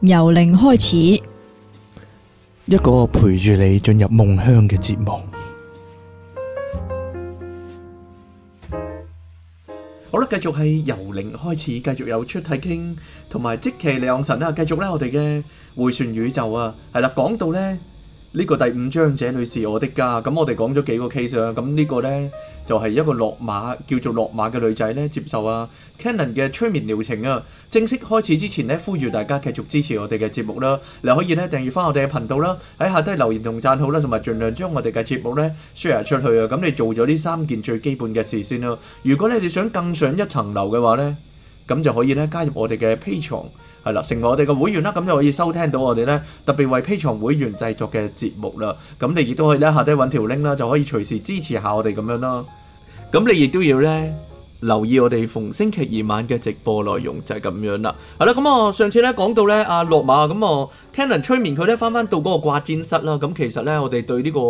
由零開始，一個陪住你進入夢鄉嘅節目。好啦，繼續係由零開始，繼續有出體傾同埋即期李神臣啦，繼續咧我哋嘅回旋宇宙啊，係啦，講到咧。 呢個第五章，這裏是我的家。咁、嗯、我哋講咗幾個 case 啊。咁、嗯、呢、這個呢，就係、是、一個落馬叫做落馬嘅女仔呢，接受啊 Cannon 嘅催眠療程啊。正式開始之前呢，呼籲大家繼續支持我哋嘅節目啦。你可以呢訂閱翻我哋嘅頻道啦，喺下低留言同贊好啦，同埋盡量將我哋嘅節目呢 share 出去啊。咁、嗯、你做咗呢三件最基本嘅事先啦。如果你哋想更上一層樓嘅話呢。咁就可以咧加入我哋嘅 Patreon 係啦，成為我哋嘅會員啦，咁就可以收聽到我哋咧特別為 Patreon 會員製作嘅節目啦。咁你亦都可以咧下低揾條 link 啦，就可以隨時支持下我哋咁樣咯。咁你亦都要咧。留意我哋逢星期二晚嘅直播內容就係咁樣啦，係啦，咁啊上次咧講到咧阿落馬咁啊我，聽人催眠佢咧翻翻到嗰個掛氈室啦，咁其實咧我哋對呢個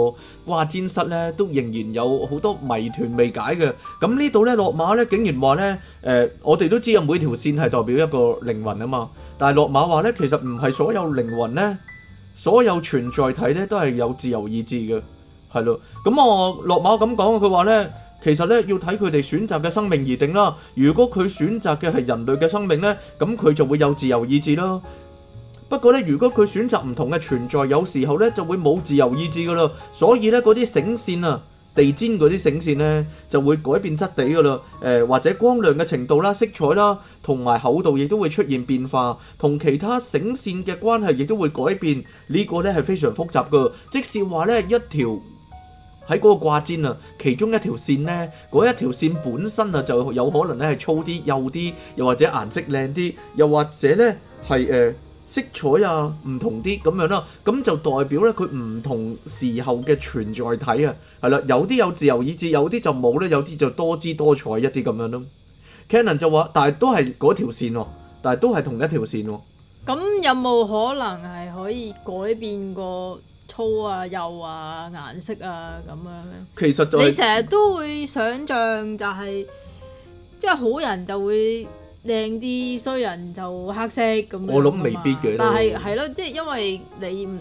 掛氈室咧都仍然有好多謎團未解嘅，咁呢度咧落馬咧竟然話咧，誒、呃、我哋都知有每條線係代表一個靈魂啊嘛，但係落馬話咧其實唔係所有靈魂咧，所有存在體咧都係有自由意志嘅，係咯，咁我落馬咁講，佢話咧。其實咧，要睇佢哋選擇嘅生命而定啦。如果佢選擇嘅係人類嘅生命呢，咁佢就會有自由意志咯。不過呢，如果佢選擇唔同嘅存在，有時候呢就會冇自由意志噶啦。所以呢，嗰啲繩線啊、地氈嗰啲繩線呢，就會改變質地噶啦。誒、呃、或者光亮嘅程度啦、色彩啦，同埋厚度亦都會出現變化，同其他繩線嘅關係亦都會改變。呢、呢個呢係非常複雜噶。即是話呢一條，喺嗰個掛纖啊，其中一條線呢，嗰一條線本身啊，就有可能咧係粗啲、幼啲，又或者顏色靚啲，又或者呢係誒色彩啊唔同啲咁樣咯，咁就代表呢，佢唔同時候嘅存在體啊，係啦，有啲有自由意志，有啲就冇呢，有啲就多姿多彩一啲咁樣咯。Canon 就話，但係都係嗰條線喎，但係都係同一條線喎。咁有冇可能係可以改變過？粗啊、幼啊、顏色啊咁樣呢？其實、就係、你成日都會想像就係即係好人就會靚啲，衰人就黑色咁。我諗未必嘅，但係係咯，即係因為你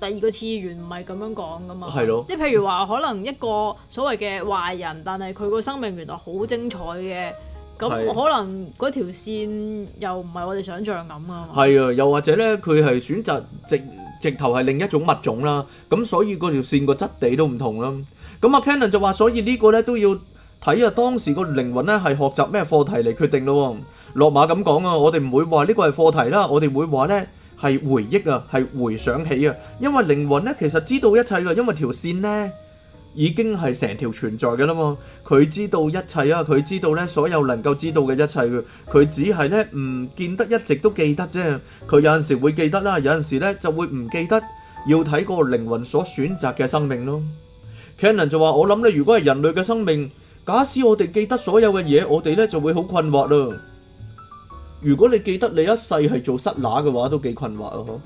第二個次元唔係咁樣講噶嘛。係咯了，即係譬如話，可能一個所謂嘅壞人，但係佢個生命原來好精彩嘅，咁可能嗰條線又唔係我哋想像咁啊嘛。係啊，又或者咧，佢係選擇直。直頭係另一種物種啦，咁所以嗰條線個質地都唔同啦。咁啊，Canon 就話，所以個呢個咧都要睇下、啊、當時個靈魂咧係學習咩課題嚟決定咯。落馬咁講啊，我哋唔會話呢個係課題啦，我哋會話咧係回憶啊，係回想起啊，因為靈魂咧其實知道一切噶，因為條線咧。已經係成條存在嘅啦嘛，佢知道一切啊，佢知道咧所有能夠知道嘅一切嘅，佢只係咧唔見得一直都記得啫，佢有陣時會記得啦，有陣時咧就會唔記得，要睇個靈魂所選擇嘅生命咯。Cannon 就話：我諗你，如果係人類嘅生命，假使我哋記得所有嘅嘢，我哋咧就會好困惑咯。如果你記得你一世係做失拿嘅話，都幾困惑啊！呵，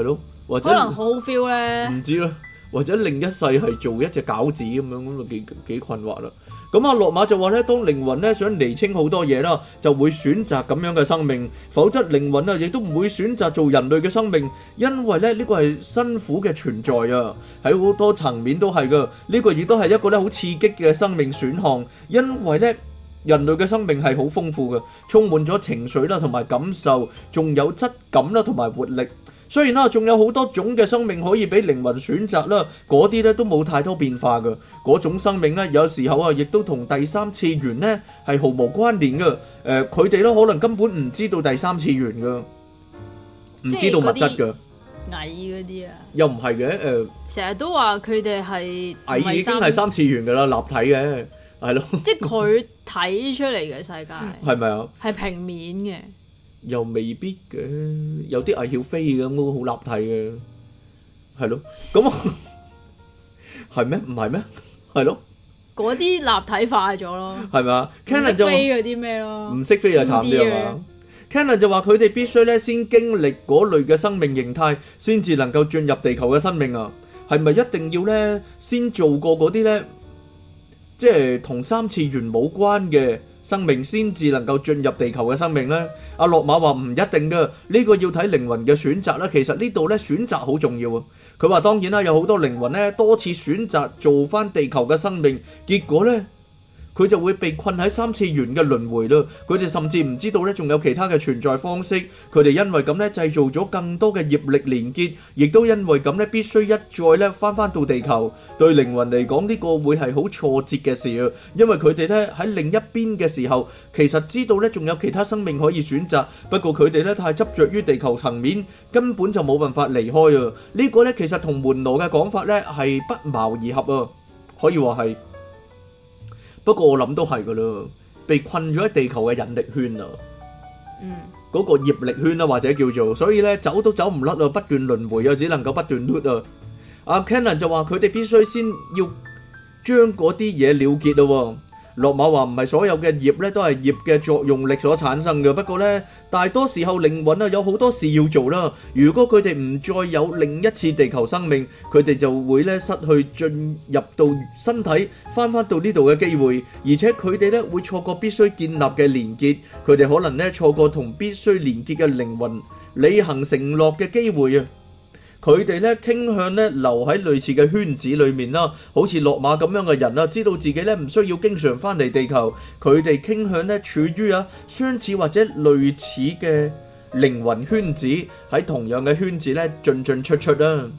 係咯，或者可能好 feel 咧，唔知咯。或者另一世係做一隻餃子咁樣子，咁咪幾幾困惑啦。咁阿落馬就話咧，當靈魂咧想釐清好多嘢啦，就會選擇咁樣嘅生命；否則靈魂啊，亦都唔會選擇做人類嘅生命，因為咧呢個係辛苦嘅存在啊。喺好多層面都係噶，呢個亦都係一個咧好刺激嘅生命選項，因為咧人類嘅生命係好豐富嘅，充滿咗情緒啦，同埋感受，仲有質感啦，同埋活力。雖然啦，仲有好多種嘅生命可以俾靈魂選擇啦，嗰啲咧都冇太多變化嘅。嗰種生命咧，有時候啊，亦都同第三次元咧係毫無關聯嘅。誒、呃，佢哋都可能根本唔知道第三次元嘅，唔知道物質嘅，矮嗰啲啊，又唔係嘅。誒、呃，成日都話佢哋係矮已經係三次元嘅啦，立體嘅，係咯。即係佢睇出嚟嘅世界係咪 啊？係平面嘅。又未必嘅，有啲係翹飛咁，好立體嘅，係咯，咁啊，係咩？唔係咩？係咯，嗰啲立體化咗咯，係咪啊？Cannon 就識飛嗰啲咩咯？唔識飛就慘啲啊嘛。Cannon 就話佢哋必須咧先經歷嗰類嘅生命形態，先至能夠進入地球嘅生命啊。係咪一定要咧先做過嗰啲咧？即係同三次元冇關嘅。生命先至能夠進入地球嘅生命呢，阿洛馬話唔一定嘅，呢個要睇靈魂嘅選擇啦。其實呢度咧選擇好重要啊。佢話當然啦，有好多靈魂咧多次選擇做翻地球嘅生命，結果咧，佢就會被困喺三次元嘅輪迴咯，佢哋甚至唔知道咧仲有其他嘅存在方式。佢哋因為咁咧製造咗更多嘅業力連結，亦都因為咁咧必須一再咧翻翻到地球。對靈魂嚟講呢個會係好挫折嘅事啊！因為佢哋咧喺另一邊嘅時候，其實知道咧仲有其他生命可以選擇，不過佢哋咧太執着於地球層面，根本就冇辦法離開啊！呢、這個咧其實同門羅嘅講法咧係不謀而合啊，可以話係。不過我諗都係嘅咯，被困咗喺地球嘅引力圈啊，嗰、嗯、個業力圈啦、啊，或者叫做，所以咧走都走唔甩啊，不斷輪迴啊，只能夠不斷 loop 啊。阿 Cannon 就話佢哋必須先要將嗰啲嘢了結啦、啊。落馬話唔係所有嘅業咧都係業嘅作用力所產生嘅，不過咧大多時候靈魂啊有好多事要做啦。如果佢哋唔再有另一次地球生命，佢哋就會咧失去進入到身體，翻翻到呢度嘅機會，而且佢哋咧會錯過必須建立嘅連結，佢哋可能咧錯過同必須連結嘅靈魂履行承諾嘅機會啊。佢哋咧傾向咧留喺類似嘅圈子裡面啦，好似落馬咁樣嘅人啦，知道自己咧唔需要經常翻嚟地球。佢哋傾向咧處於啊相似或者類似嘅靈魂圈子，喺同樣嘅圈子咧進進出出啊。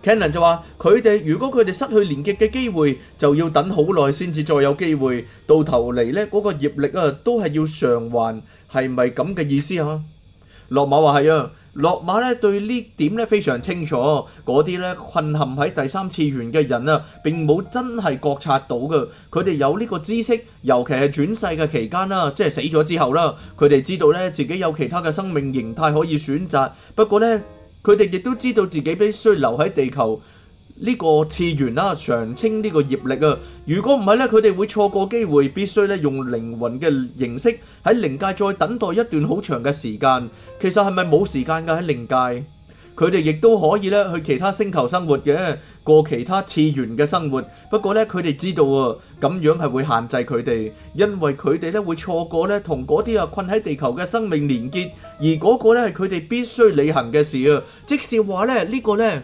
Cannon 就話：佢哋如果佢哋失去連結嘅機會，就要等好耐先至再有機會。到頭嚟咧嗰個業力啊，都係要償還，係咪咁嘅意思啊？落馬話係啊。落馬咧對呢點咧非常清楚，嗰啲咧困陷喺第三次元嘅人啊，並冇真係覺察到嘅。佢哋有呢個知識，尤其係轉世嘅期間啦，即係死咗之後啦，佢哋知道咧自己有其他嘅生命形態可以選擇。不過咧，佢哋亦都知道自己必須留喺地球。呢個次元啦，常稱呢個業力啊。如果唔係咧，佢哋會錯過機會，必須咧用靈魂嘅形式喺靈界再等待一段好長嘅時間。其實係咪冇時間㗎？喺靈界，佢哋亦都可以咧去其他星球生活嘅，過其他次元嘅生活。不過咧，佢哋知道啊，咁樣係會限制佢哋，因為佢哋咧會錯過咧同嗰啲啊困喺地球嘅生命連結，而嗰個咧係佢哋必須履行嘅事啊。即係話咧，呢個咧。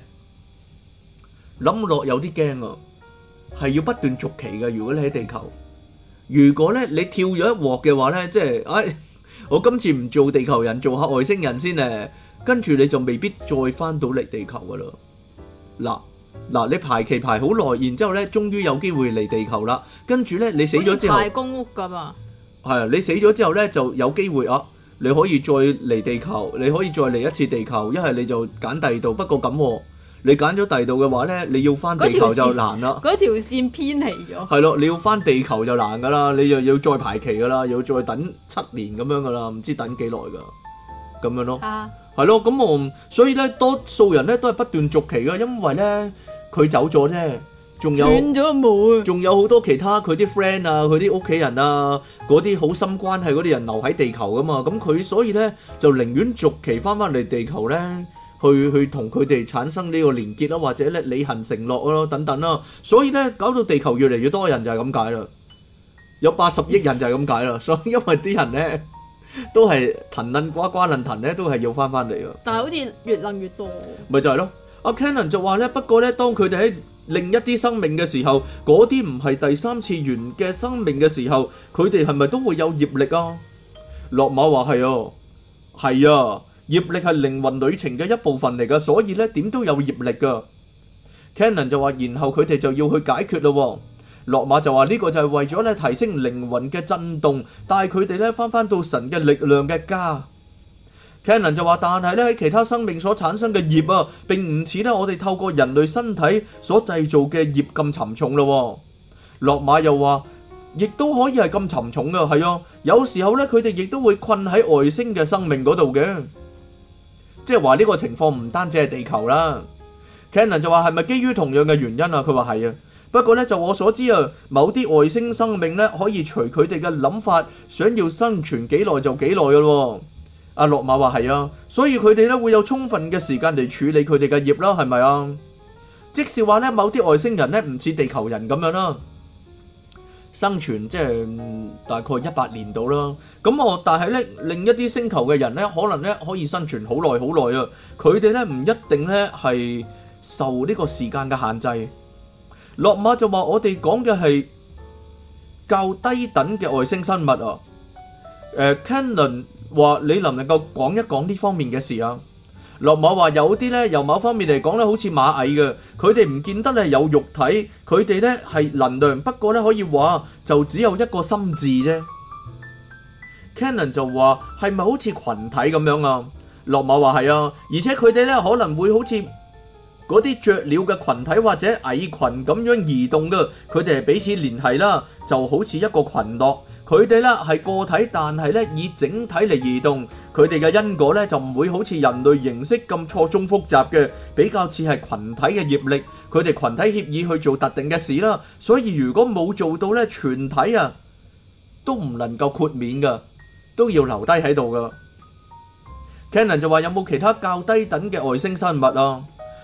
諗落有啲驚啊，係要不斷續期嘅。如果你喺地球，如果咧你跳咗一鑊嘅話咧，即係、哎，我今次唔做地球人，做下外星人先咧。跟住你就未必再翻到嚟地球噶啦。嗱嗱，你排期排好耐，然之後咧，終於有機會嚟地球啦。跟住咧，你死咗之後，係公屋噶嘛？係啊，你死咗之後咧，就有機會啊，你可以再嚟地球，你可以再嚟一次地球。一係你就揀第二度，不過咁。你揀咗第二度嘅話咧，你要翻地球就難啦。嗰條，條線偏離咗。係咯，你要翻地球就難噶啦，你又要再排期噶啦，又要再等七年咁樣噶啦，唔知等幾耐噶咁樣咯。啊，係咯，咁我、嗯、所以咧，多數人咧都係不斷續期嘅，因為咧佢走咗啫，仲有斷咗冇啊，仲有好多其他佢啲 friend 啊，佢啲屋企人啊，嗰啲好深關係嗰啲人留喺地球噶嘛，咁佢所以咧就寧願續期翻翻嚟地球咧。去去同佢哋產生呢個連結啦，或者咧履行承諾咯，等等啦，所以咧搞到地球越嚟越多人就係咁解啦，有八十億人就係咁解啦，所以因為啲人咧都係騰騰呱呱，論騰咧都係要翻翻嚟喎。但係好似越論越多，咪就係咯。阿 Cannon 就話咧，不過咧，當佢哋喺另一啲生命嘅時候，嗰啲唔係第三次元嘅生命嘅時候，佢哋係咪都會有業力啊？落馬話係哦，係啊。業力係靈魂旅程嘅一部分嚟噶，所以咧點都有業力噶。Canon 就話，然後佢哋就要去解決咯。落馬就話呢個就係為咗咧提升靈魂嘅震動，帶佢哋咧翻返到神嘅力量嘅家。Canon 就話，但係咧喺其他生命所產生嘅業啊，並唔似咧我哋透過人類身體所製造嘅業咁沉重咯。落馬又話，亦都可以係咁沉重噶，係啊，有時候咧佢哋亦都會困喺外星嘅生命嗰度嘅。即係話呢個情況唔單止係地球啦，Cannon 就話係咪基於同樣嘅原因啊？佢話係啊，不過呢，就我所知啊，某啲外星生命呢，可以隨佢哋嘅諗法，想要生存幾耐就幾耐嘅咯。阿洛馬話係啊，所以佢哋呢會有充分嘅時間嚟處理佢哋嘅業啦，係咪啊？即是話呢，某啲外星人呢，唔似地球人咁樣啦。生存即係大概、嗯、一百年度啦，咁我但係咧另一啲星球嘅人咧，可能咧可以生存好耐好耐啊！佢哋咧唔一定咧係受呢個時間嘅限制。落馬就話我哋講嘅係較低等嘅外星生物啊。誒、呃，Kenon 話你能唔能夠講一講呢方面嘅事啊？落某話有啲咧，由某方面嚟講咧，好似螞蟻嘅，佢哋唔見得咧有肉體，佢哋咧係能量，不過咧可以話就只有一個心智啫。Canon 就話係咪好似群體咁樣啊？落某話係啊，而且佢哋咧可能會好似。嗰啲雀鳥嘅群體或者蟻群咁樣移動嘅，佢哋係彼此聯繫啦，就好似一個群落。佢哋咧係個體，但係咧以整體嚟移動。佢哋嘅因果咧就唔會好似人類形式咁錯綜複雜嘅，比較似係群體嘅業力。佢哋群體協議去做特定嘅事啦。所以如果冇做到咧，全體啊都唔能夠豁免噶，都要留低喺度噶。Cannon 就話：有冇其他較低等嘅外星生物啊？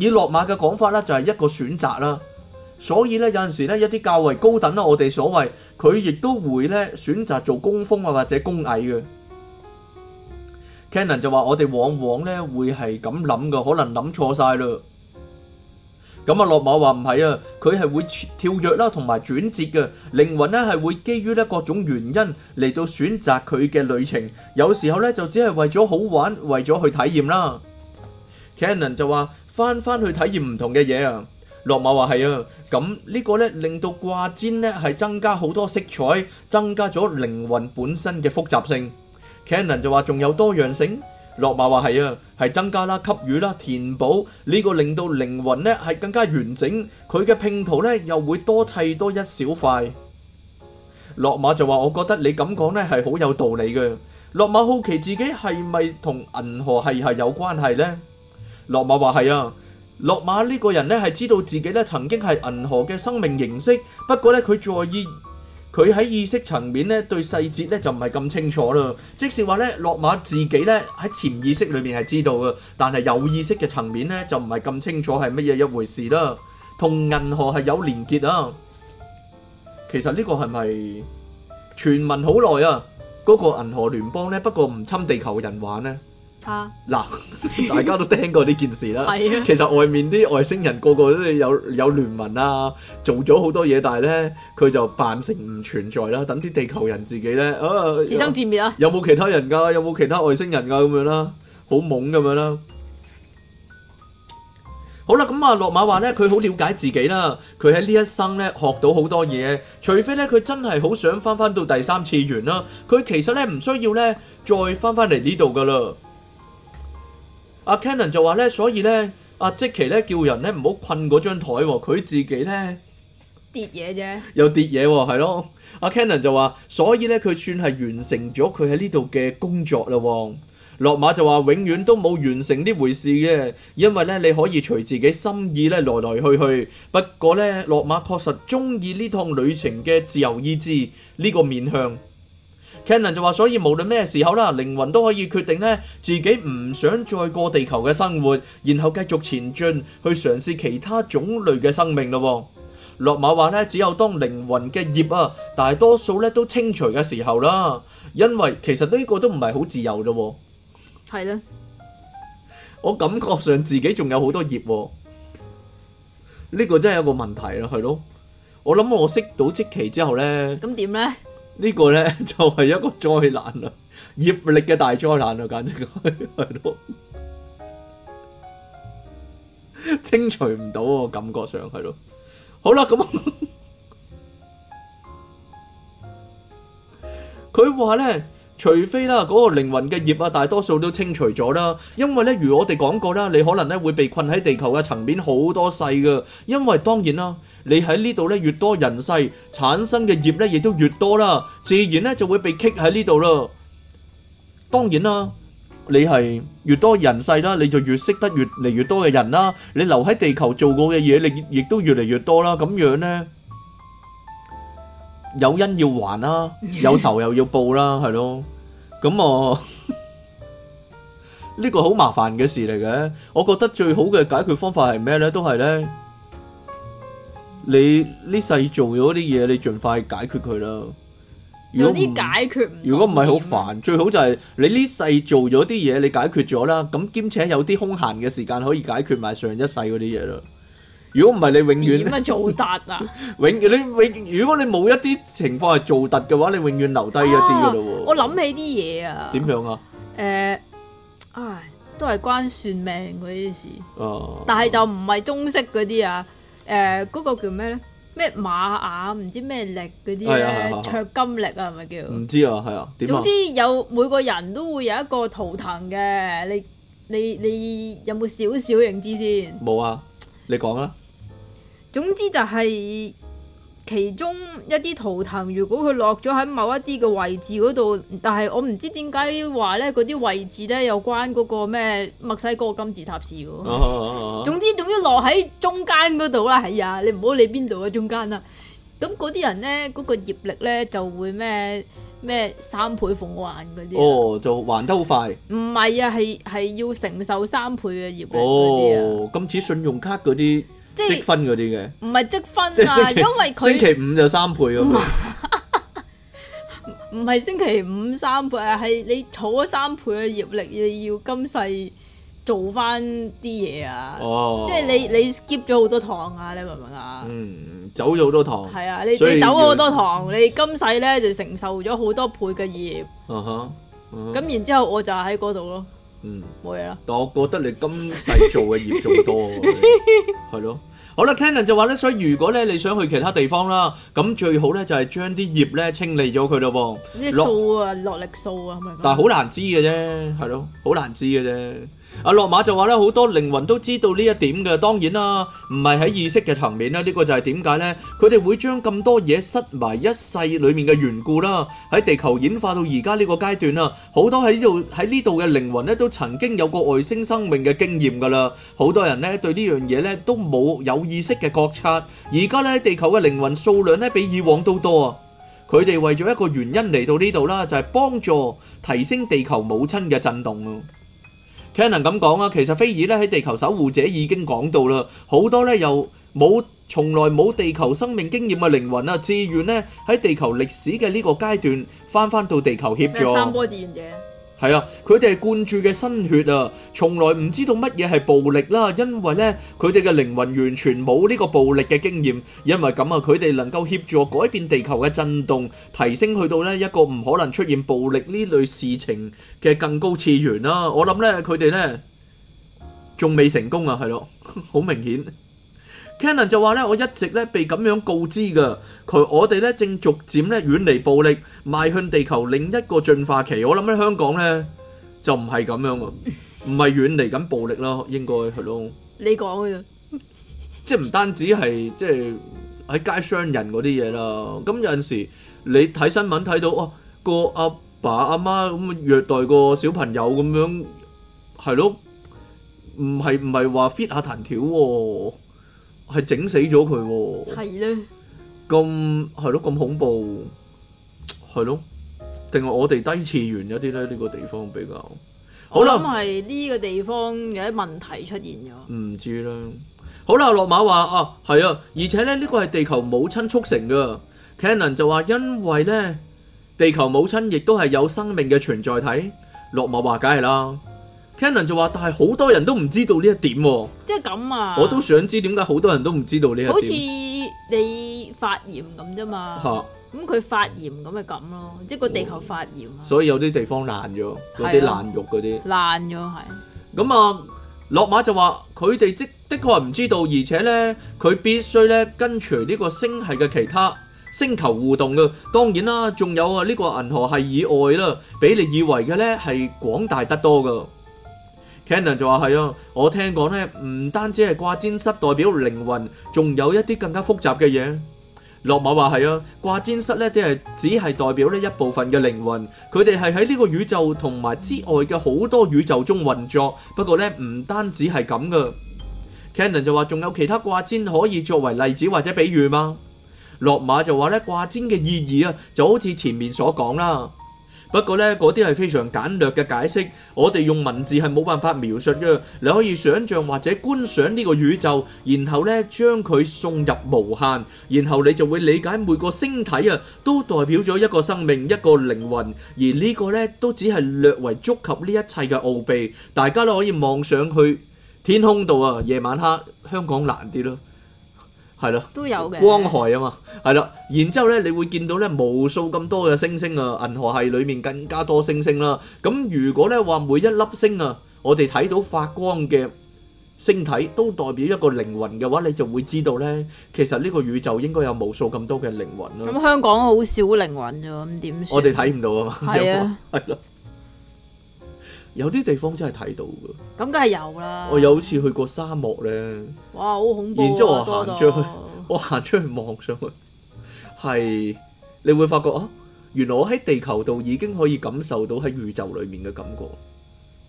以落馬嘅講法咧，就係一個選擇啦，所以咧有陣時咧一啲較為高等啦，我哋所謂佢亦都會咧選擇做工蜂啊或者工蟻嘅。Canon 就話我哋往往咧會係咁諗㗎，可能諗錯晒啦。咁啊，落馬話唔係啊，佢係會跳躍啦同埋轉折嘅靈魂咧係會基於咧各種原因嚟到選擇佢嘅旅程，有時候咧就只係為咗好玩，為咗去體驗啦。Canon 就話返返去體驗唔同嘅嘢啊。落馬話係啊，咁呢個咧令到掛纖咧係增加好多色彩，增加咗靈魂本身嘅複雜性。Canon 就話仲有多樣性。落馬話係啊，係增加啦，給予啦，填補呢個令到靈魂咧係更加完整。佢嘅拼圖咧又會多砌多一小塊。落馬就話：我覺得你咁講咧係好有道理嘅。落馬好奇自己係咪同銀河系係有關係咧？落馬話係啊，落馬呢個人呢，係知道自己呢曾經係銀河嘅生命形式，不過呢，佢在意佢喺意識層面呢對細節呢就唔係咁清楚啦。即是話呢，落馬自己呢喺潛意識裏面係知道嘅，但係有意識嘅層面呢就唔係咁清楚係乜嘢一回事啦。同銀河系有連結啊。其實呢個係咪傳聞好耐啊？嗰個銀河聯邦呢，不過唔侵地球人玩呢？嗱，大家都聽過呢件事啦。 啊、其實外面啲外星人個個都有有聯盟啊，做咗好多嘢，但係呢，佢就扮成唔存在啦。等啲地球人自己呢，啊，自生自滅啊。有冇其他人噶？有冇其他外星人噶？咁樣啦，好懵咁樣啦。好啦，咁、嗯、啊，落馬話呢，佢好了解自己啦。佢喺呢一生呢，學到好多嘢，除非呢，佢真係好想翻翻到第三次元啦，佢其實呢，唔需要呢，再翻翻嚟呢度噶啦。阿 Canon 就話咧，所以咧，阿、啊、即奇咧叫人咧唔好困嗰張台喎，佢自己咧跌嘢啫，有跌嘢喎，係咯。阿、啊、Canon 就話，所以咧，佢算係完成咗佢喺呢度嘅工作啦。落馬就話，永遠都冇完成呢回事嘅，因為咧，你可以隨自己心意咧來來去去。不過咧，落馬確實中意呢趟旅程嘅自由意志呢、呢個面向。Canon 就話，所以無論咩時候啦，靈魂都可以決定呢，自己唔想再過地球嘅生活，然後繼續前進去嘗試其他種類嘅生命咯。落馬話呢，只有當靈魂嘅業啊，大多數呢都清除嘅時候啦，因為其實呢個都唔係好自由咯。係咧，我感覺上自己仲有好多業，呢個真係有個問題啦，係咯。我諗我識到即期之後呢，咁點呢？個呢個咧就係、是、一個災難啦，業力嘅大災難啊，簡直係係咯， 清除唔到喎感覺上係咯。好啦，咁佢話咧。 除非啦，嗰個靈魂嘅業啊，大多數都清除咗啦。因為咧，如我哋講過啦，你可能咧會被困喺地球嘅層面好多世㗎。因為當然啦，你喺呢度咧越多人世產生嘅業咧，亦都越多啦，自然咧就會被棘喺呢度啦。當然啦，你係越多人世啦，你就越識得越嚟越多嘅人啦。你留喺地球做過嘅嘢，你亦都越嚟越多啦。咁樣咧。有恩要還啦，有仇又要報啦，係咯，咁我呢個好麻煩嘅事嚟嘅。我覺得最好嘅解決方法係咩呢？都係呢，你呢世做咗啲嘢，你盡快解決佢啦。有啲解決唔。如果唔係好煩，最好就係你呢世做咗啲嘢，你解決咗啦。咁兼且有啲空閒嘅時間可以解決埋上一世嗰啲嘢咯。如果唔係你永遠點啊做突啊！永你永如果你冇一啲情況係做突嘅話，你永遠留低一啲嘅咯喎。我諗起啲嘢啊。點樣啊？誒，唉，都係關算命嗰啲事。但係就唔係中式嗰啲啊。誒，嗰個叫咩咧？咩瑪雅唔知咩力嗰啲咧？卓金力啊，係咪叫？唔知啊，係啊。點總之有每個人都會有一個圖騰嘅。你你你有冇少少認知先？冇啊。你講啊。總之就係其中一啲圖騰，如果佢落咗喺某一啲嘅位置嗰度，但係我唔知點解話咧，嗰啲位置咧有關嗰個咩墨西哥金字塔事噶，啊啊啊。總之都要落喺中間嗰度啦。係啊，你唔好理邊度嘅中間啦。咁嗰啲人咧，嗰，嗰個業力咧就會咩咩三倍奉還嗰啲。哦，就還得好快。唔係啊，係係要承受三倍嘅業力嗰啲，哦，今次信用卡嗰啲。即係積分嗰啲嘅，唔係積分啊，因為佢星期五就三倍啊嘛，唔係星期五三倍啊，係你儲咗三倍嘅業力，你要今世做翻啲嘢啊，哦，即係你你 skip 咗好多堂啊，你明唔明啊，嗯，走咗好多堂，係啊，你你走咗好多堂，你今世咧就承受咗好多倍嘅業，咁然之後我就喺嗰度咯，嗯，冇嘢啦。但係我覺得你今世做嘅業仲多，係咯。好啦，Canon 就話咧，所以如果咧你想去其他地方啦，咁最好咧就係將啲葉咧清理咗佢咯噃。啊，落，落力掃啊，係咪？但係好難知嘅啫，係咯、嗯，好難知嘅啫。阿洛馬就話咧，好多靈魂都知道呢一點嘅。當然啦，唔係喺意識嘅層面啦，呢、呢個就係點解呢？佢哋會將咁多嘢塞埋一世裏面嘅緣故啦。喺地球演化到而家呢個階段啊，好多喺呢度喺呢度嘅靈魂咧，都曾經有過外星生命嘅經驗噶啦。好多人呢對呢樣嘢咧都冇有，有意識嘅覺察。而家呢，地球嘅靈魂數量呢比以往都多啊。佢哋為咗一個原因嚟到呢度啦，就係、是、幫助提升地球母親嘅震動佢能咁講啊，其實菲爾咧喺《地球守護者》已經講到啦，好多咧又冇從來冇地球生命經驗嘅靈魂啊，志願咧喺地球歷史嘅呢個階段翻翻到地球協助。有三波志願者。係啊，佢哋係灌注嘅心血啊，從來唔知道乜嘢係暴力啦，啊，因為咧佢哋嘅靈魂完全冇呢個暴力嘅經驗，因為咁啊，佢哋能夠協助改變地球嘅震動，提升去到呢一個唔可能出現暴力呢類事情嘅更高次元啦，啊。我諗咧，佢哋咧仲未成功啊，係咯，好明顯。Cannon 就話咧，我一直咧被咁樣告知嘅。佢我哋咧正逐漸咧遠離暴力，邁向地球另一個進化期。我諗咧香港咧就唔係咁樣㗎，唔係遠離緊暴力咯，應該係咯。你講嘅啫，即係唔單止係即係喺街傷人嗰啲嘢啦。咁有陣時你睇新聞睇到哦，個阿爸阿媽咁虐待個小朋友咁樣，係咯，唔係唔係話 fit 下藤條喎。係整死咗佢喎！係咧，咁係咯，咁恐怖，係咯，定係我哋低次元一啲咧？呢個地方比較好啦，因為呢個地方有啲問題出現咗。唔知啦。好啦，落馬話啊，係啊，而且咧，呢個係地球母親促成噶。Canon 就話因為咧，地球母親亦都係有生命嘅存在體。落馬話梗係啦。Canon 就話，但係好多人都唔知道呢一點喎、哦，即係咁啊！我都想知點解好多人都唔知道呢一點，好似你發炎咁啫嘛。嚇哈，咁佢、嗯、發炎咁咪咁咯，即係個地球發炎啊。哦、所以有啲地方爛咗，有啲爛肉嗰啲爛咗係。咁啊，落、啊啊、馬就話佢哋即的確係唔知道，而且咧佢必須咧跟隨呢個星系嘅其他星球互動㗎。當然啦，仲有啊，呢、呢個銀河系以外啦，比你以為嘅咧係廣大得多㗎。Cannon 就話係啊，我聽講咧，唔單止係掛纜室代表靈魂，仲有一啲更加複雜嘅嘢。落馬話係啊，掛纜室咧即係只係代表呢一部分嘅靈魂，佢哋係喺呢個宇宙同埋之外嘅好多宇宙中運作。不過咧，唔單止係咁噶。Cannon 就話仲有其他掛纜可以作為例子或者比喻嗎？落馬就話咧掛纜嘅意義啊，就好似前面所講啦。不過呢，嗰啲係非常簡略嘅解釋，我哋用文字係冇辦法描述嘅。你可以想像或者觀賞呢個宇宙，然後呢，將佢送入無限，然後你就會理解每個星體啊，都代表咗一個生命、一個靈魂。而呢個呢，都只係略為觸及呢一切嘅奧秘。大家都可以望上去天空度啊，夜晚黑，香港難啲咯。係咯，都有嘅光害啊嘛，係啦，然之後咧，你會見到咧無數咁多嘅星星啊，銀河系裏面更加多星星啦、啊。咁如果咧話每一粒星啊，我哋睇到發光嘅星體都代表一個靈魂嘅話，你就會知道咧，其實呢個宇宙應該有無數咁多嘅靈魂咯、啊。咁香港好少靈魂啫、啊，咁點算？我哋睇唔到啊嘛，係啊，係咯。 有啲地方真係睇到㗎，咁梗係有啦。我有次去過沙漠咧，哇，好恐怖、啊！然之後我行出去，多多我行出去望上去，係 你會發覺啊，原來我喺地球度已經可以感受到喺宇宙裡面嘅感覺。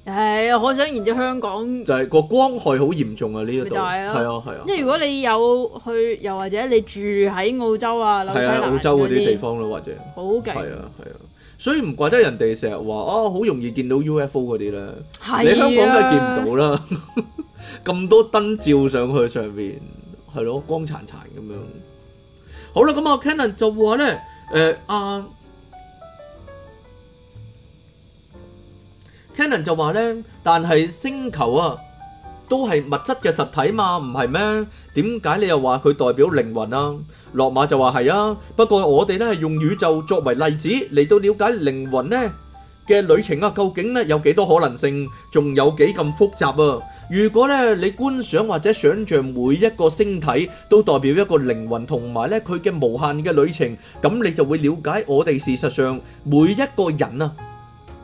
啊、哎，我想然之後香港就係個光害好嚴重啊！呢一度係啊係啊，即係如果你有去，又或者你住喺澳洲啊、澳洲嗰啲地方咯，或者好勁，係啊係啊。所以唔怪得人哋成日話啊，好容易見到 UFO 嗰啲咧。啊、你香港梗係見唔到啦，咁 多燈照上去上邊，係咯、啊、光燦燦咁樣。好啦、啊，咁、呃、啊，Cannon 就話咧，誒啊，Cannon 就話咧，但係星球啊，都係物質嘅實體嘛，唔係咩？點解你又話佢代表靈魂啊？落馬就話係啊，不過我哋咧係用宇宙作為例子嚟到了解靈魂咧嘅旅程啊，究竟咧有幾多可能性，仲有幾咁複雜啊？如果咧你觀想或者想象每一個星體都代表一個靈魂，同埋咧佢嘅無限嘅旅程，咁你就會了解我哋事實上每一個人啊。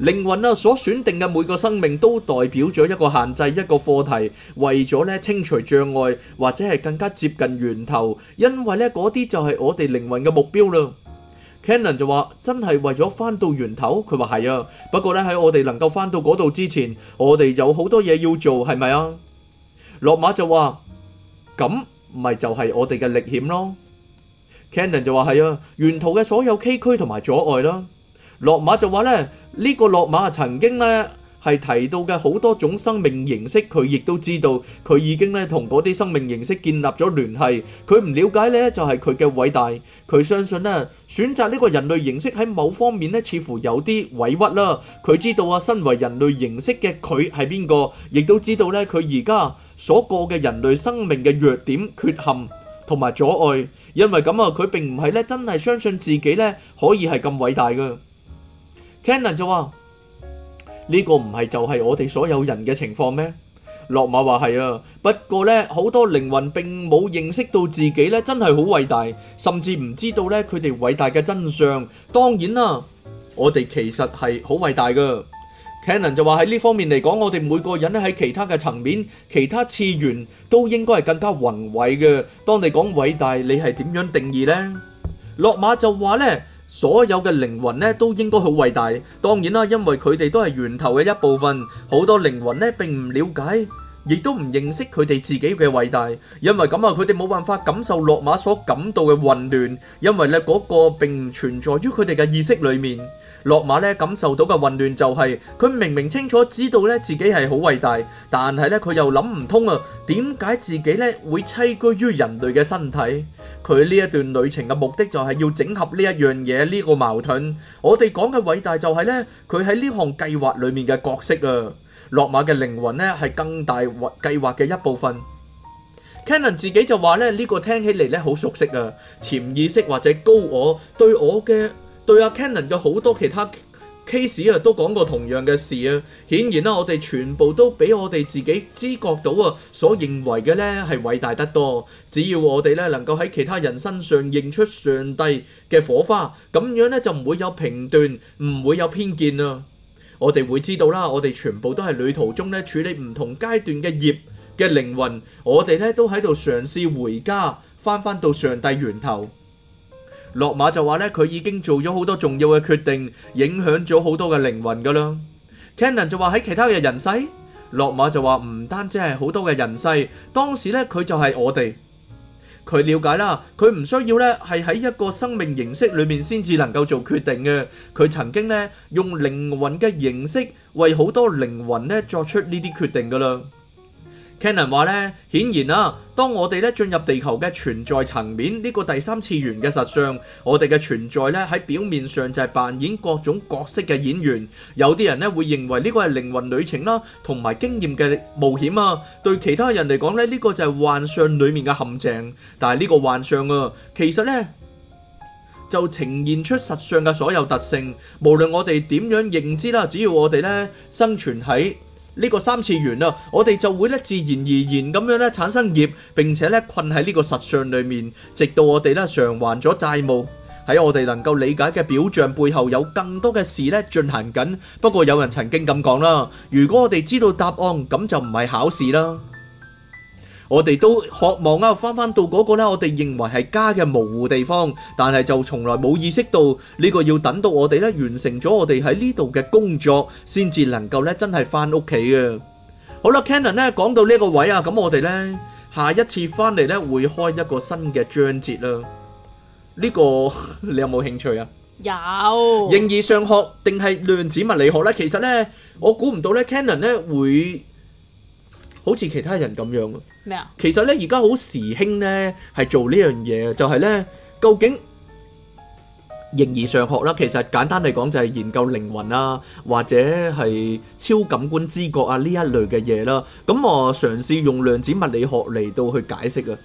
靈魂啊，所選定嘅每個生命都代表咗一個限制，一個課題。為咗咧清除障礙，或者係更加接近源頭，因為咧嗰啲就係我哋靈魂嘅目標啦。Cannon 就話：真係為咗翻到源頭，佢話係啊。不過咧喺我哋能夠翻到嗰度之前，我哋有好多嘢要做，係咪啊？落馬就話：咁咪就係我哋嘅歷險咯。Cannon 就話：係啊，沿途嘅所有崎嶇同埋阻礙啦。落馬就話咧，呢個落馬曾經咧係提到嘅好多種生命形式，佢亦都知道佢已經咧同嗰啲生命形式建立咗聯繫。佢唔了解咧，就係佢嘅偉大。佢相信咧，選擇呢個人類形式喺某方面咧，似乎有啲委屈啦。佢知道啊，身為人類形式嘅佢係邊個，亦都知道咧佢而家所過嘅人類生命嘅弱點、缺陷同埋阻礙。因為咁啊，佢並唔係咧真係相信自己咧可以係咁偉大㗎。Canon 就話：呢個唔係就係我哋所有人嘅情況咩？落馬話係啊，不過呢好多靈魂並冇認識到自己呢，真係好偉大，甚至唔知道呢佢哋偉大嘅真相。當然啦，我哋其實係好偉大㗎。Canon 就話喺呢方面嚟講，我哋每個人呢喺其他嘅層面、其他次元都應該係更加宏偉嘅。當你講偉大，你係點樣定義呢？落馬就話呢。所有嘅靈魂呢，都應該好偉大，當然啦，因為佢哋都係源頭嘅一部分。好多靈魂呢並唔了解。亦都唔認識佢哋自己嘅偉大，因為咁啊，佢哋冇辦法感受落馬所感到嘅混亂，因為咧嗰個並唔存在於佢哋嘅意識裏面。落馬咧感受到嘅混亂就係佢明明清楚知道咧自己係好偉大，但係咧佢又諗唔通啊，點解自己咧會棲居於人類嘅身體？佢呢一段旅程嘅目的就係要整合呢一樣嘢呢個矛盾。我哋講嘅偉大就係咧佢喺呢項計劃裏面嘅角色啊。落馬嘅靈魂咧，係更大劃計劃嘅一部分。Cannon 自己就話咧，呢個聽起嚟咧好熟悉啊，潛意識或者高我對我嘅對阿 Cannon 嘅好多其他 case 啊，都講過同樣嘅事啊。顯然啦，我哋全部都比我哋自己知覺到啊，所認為嘅呢係偉大得多。只要我哋呢能夠喺其他人身上認出上帝嘅火花，咁樣呢就唔會有評斷，唔會有偏見啊。我哋會知道啦，我哋全部都係旅途中咧處理唔同階段嘅業嘅靈魂，我哋咧都喺度嘗試回家，翻返到上帝源頭。落馬就話咧，佢已經做咗好多重要嘅決定，影響咗好多嘅靈魂噶啦。Cannon 就話喺其他嘅人世，落馬就話唔單止係好多嘅人世，當時咧佢就係我哋。佢了解啦，佢唔需要咧，係喺一個生命形式裏面先至能夠做決定嘅。佢曾經咧用靈魂嘅形式，為好多靈魂咧作出呢啲決定噶啦。Cannon 話咧，顯然啊。當我哋咧進入地球嘅存在層面，呢個第三次元嘅實相，我哋嘅存在咧喺表面上就係扮演各種角色嘅演員。有啲人咧會認為呢個係靈魂旅程啦，同埋經驗嘅冒險啊。對其他人嚟講咧，呢個就係幻象裡面嘅陷阱。但係呢個幻象啊，其實咧就呈現出實相嘅所有特性。無論我哋點樣認知啦，只要我哋咧生存喺呢個三次元啊，我哋就會咧自然而然咁樣咧產生業，並且咧困喺呢個實相裏面，直到我哋咧償還咗債務。喺我哋能夠理解嘅表象背後，有更多嘅事咧進行緊。不過有人曾經咁講啦，如果我哋知道答案，咁就唔係考試啦。我哋都渴望啊，翻翻到嗰個呢我哋認為係家嘅模糊地方，但係就從來冇意識到呢、這個要等到我哋咧完成咗我哋喺呢度嘅工作，先至能夠咧真係翻屋企啊。好啦，Cannon 咧講到呢一個位啊，咁我哋呢，下一次翻嚟咧會開一個新嘅章節啦。呢、這個 你有冇興趣啊？有。嬰兒上學定係量子物理學呢？其實呢，我估唔到咧 Cannon 咧會。好似其他人咁樣啊！咩啊？其實咧，而家好時興咧，係做呢樣嘢，就係咧，究竟形而上學啦，其實簡單嚟講就係研究靈魂啊，或者係超感官知覺啊呢一類嘅嘢啦。咁啊，我嘗試用量子物理學嚟到去解釋啊。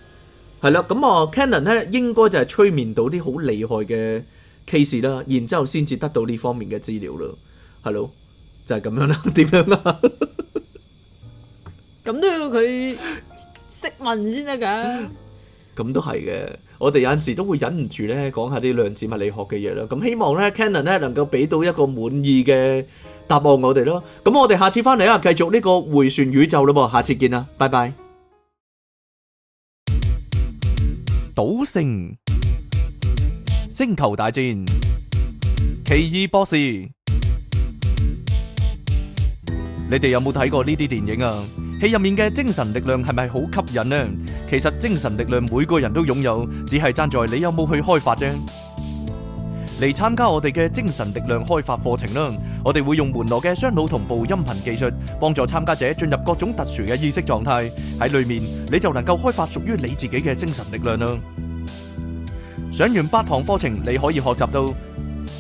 係啦，咁啊，我 Cannon 咧應該就係催眠到啲好厲害嘅 case 啦，然之後先至得到呢方面嘅資料咯。係咯，就係咁樣啦，點樣啦？咁都要佢識問先得噶，咁都係嘅。我哋有陣時都會忍唔住咧，講下啲量子物理學嘅嘢咯。咁希望咧，Cannon 咧能夠俾到一個滿意嘅答案我哋咯。咁我哋下次翻嚟啊，繼續呢個迴旋宇宙咯噃。下次見啦，拜拜。賭聖、星球大戰、奇異博士，你哋有冇睇過呢啲電影啊？戲入面嘅精神力量係咪好吸引呢？其實精神力量每個人都擁有，只係站在你有冇去開發啫。嚟參加我哋嘅精神力量開發課程啦！我哋會用門羅嘅雙腦同步音頻技術，幫助參加者進入各種特殊嘅意識狀態。喺裏面你就能夠開發屬於你自己嘅精神力量啦。上完八堂課程，你可以學習到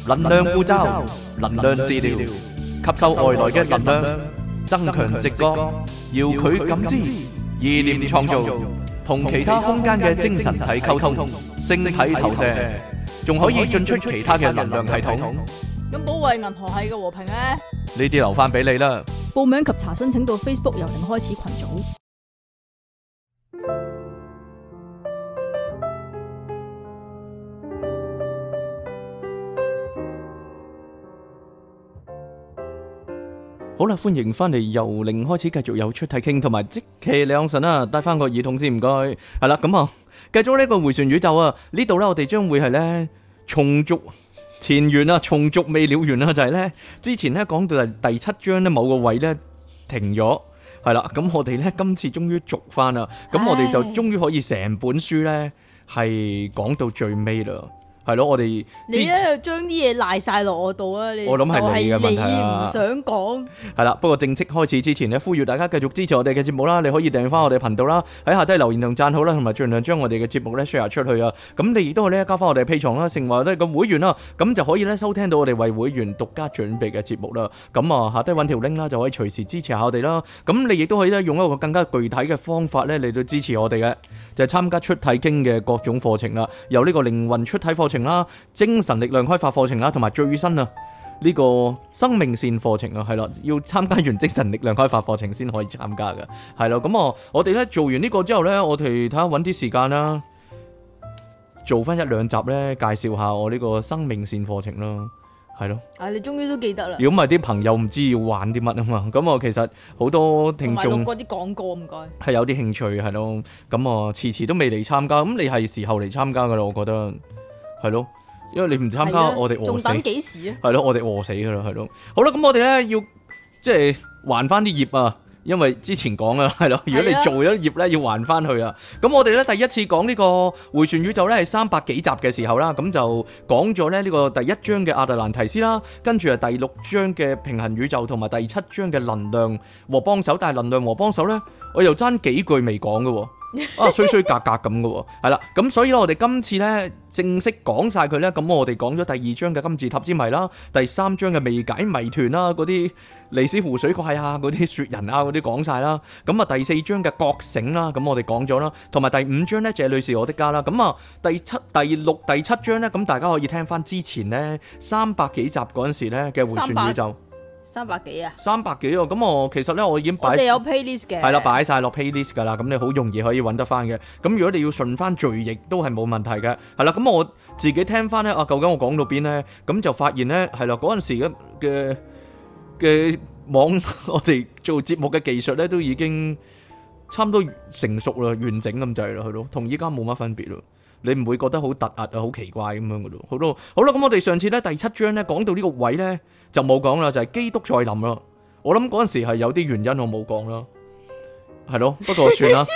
能量護罩、能量治療、吸收外來嘅能量、增強直覺。遙距感,感知、意念創造、同其他空間嘅精神體溝通、星體投射，仲可以進出其他嘅能量系統。咁保衛銀河系嘅和平咧？呢啲留翻俾你啦。報名及查詢，請到 Facebook 由零開始群組。好啦，歡迎翻嚟，由零開始繼續有出題傾，同埋即期兩神啊，帶翻個耳筒先，唔該。係啦，咁、嗯、啊，繼續呢一個回旋宇宙啊，呢度咧我哋將會係咧重續前緣啊，重續未了完啊，就係、是、咧之前咧講到係第七章咧某個位咧停咗，係啦，咁、嗯、我哋咧今次終於續翻啦，咁唉我哋就終於可以成本書咧係講到最尾啦。係咯，我哋你咧將啲嘢賴晒落我度啊！我我你我諗係你嘅問題啊！唔想講，係啦。不過正式開始之前咧，呼籲大家繼續支持我哋嘅節目啦。你可以訂閱翻我哋頻道啦，喺下低留言同讚好啦，同埋盡量將我哋嘅節目咧 share 出去啊。咁你亦都可以呢加翻我哋 P 重，啦成為呢個會員啦，咁就可以呢收聽到我哋為會員獨家準備嘅節目啦。咁啊，下低搵條 link 啦，就可以隨時支持下我哋啦。咁你亦都可以咧用一個更加具體嘅方法呢嚟,到支持我哋嘅，就係、是、參加出體經嘅各種課程啦。由呢個靈魂出體課程，啦，精神力量開發課程啦，同埋最新啊呢個生命線課程啊，係啦，要參加完精神力量開發課程先可以參加嘅，係啦。咁我我哋咧做完呢個之後咧，我哋睇下揾啲時間啦，做翻一兩集咧，介紹下我呢個生命線課程咯，係咯。啊，你終於都記得啦。如果唔係啲朋友唔知要玩啲乜啊嘛，咁啊，其實好多聽眾，唔係錄過啲廣告唔該，係有啲興趣係咯，咁啊，遲遲都未嚟參加，咁你係時候嚟參加噶啦，我覺得。係咯，因為你唔參加，的我哋餓死。仲等幾時啊？係咯，我哋餓死噶啦，係咯。好啦，咁我哋咧要即係還翻啲業，啊因為之前講啊，係咯。的如果你做咗業咧，要還翻去啊。咁我哋咧第一次講呢個回旋宇宙咧係三百幾集嘅時候啦，咁就講咗咧呢個第一章嘅亞特蘭提斯啦，跟住係第六章嘅平衡宇宙同埋第七章嘅能量和幫手，但係能量和幫手咧，我又爭幾句未講噶。 啊，衰衰格格咁嘅喎，係、嗯、啦，咁所以咧、嗯，我哋今次咧正式講晒佢呢。咁我哋講咗第二章嘅金字塔之謎啦，第三章嘅未解謎團啦，嗰啲尼斯湖水怪啊，嗰啲雪人啊，嗰啲講晒啦，咁、嗯、啊第四章嘅覺醒啦，咁、嗯、我哋講咗啦，同埋第五章呢，就係類似我的家啦，咁、嗯、啊第七、第六、第七章呢，咁、嗯、大家可以聽翻之前呢三百幾集嗰陣時咧嘅迴旋宇宙。三百幾啊，三百幾哦、啊，咁我其實咧我已經擺，我哋有 playlist 嘅，係啦，擺晒落 playlist 噶啦，咁你好容易可以揾得翻嘅。咁如果你要順翻序亦都係冇問題嘅。係啦，咁我自己聽翻咧，啊，究竟我講到邊咧？咁就發現咧，係啦，嗰陣時嘅嘅網， 我哋做節目嘅技術咧，都已經差唔多成熟啦，完整咁滯咯，同依家冇乜分別咯。你唔會覺得好突兀啊，好奇怪咁樣嘅都，好咯，好啦。咁我哋上次咧第七章咧講到呢個位咧就冇講啦，就係基督再臨咯。我諗嗰陣時係有啲原因我冇講咯，係咯。不過算啦。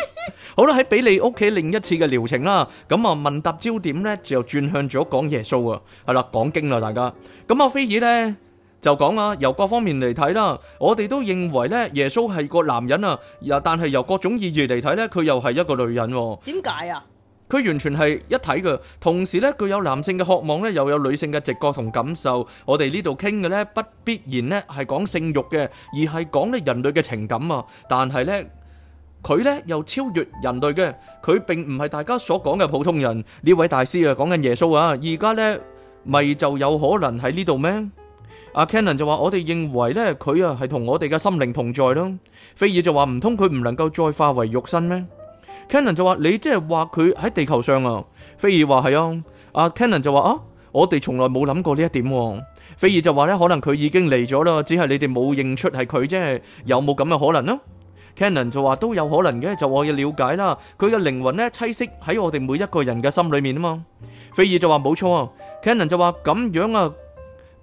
好啦，喺比利屋企另一次嘅療程啦。咁啊，問答焦點咧就轉向咗講耶穌啊，係啦，講經啦，大家。咁阿菲爾咧就講啊，由各方面嚟睇啦，我哋都認為咧耶穌係個男人啊，又但係由各種意義嚟睇咧，佢又係一個女人。點解啊？佢完全係一體嘅，同時咧具有男性嘅渴望咧，又有女性嘅直覺同感受。我哋呢度傾嘅咧，不必然咧係講性欲嘅，而係講咧人類嘅情感啊。但係咧，佢咧又超越人類嘅，佢並唔係大家所講嘅普通人。呢位大師啊，講緊耶穌啊，而家咧咪就有可能喺呢度咩？阿 Cannon 就話：我哋認為咧，佢啊係同我哋嘅心靈同在咯。菲爾就話：唔通佢唔能夠再化為肉身咩？Cannon 就話：你即係話佢喺地球上啊？菲爾話係啊。阿、啊、Cannon 就話啊，我哋從來冇諗過呢一點、啊。菲爾就話咧，可能佢已經嚟咗啦，只係你哋冇認出係佢啫。有冇咁嘅可能咧、啊、？Cannon 就話都有可能嘅，就我要了解啦。佢嘅靈魂咧棲息喺我哋每一個人嘅心裏面啊嘛。菲爾就話冇錯。啊、Cannon 就話咁樣啊。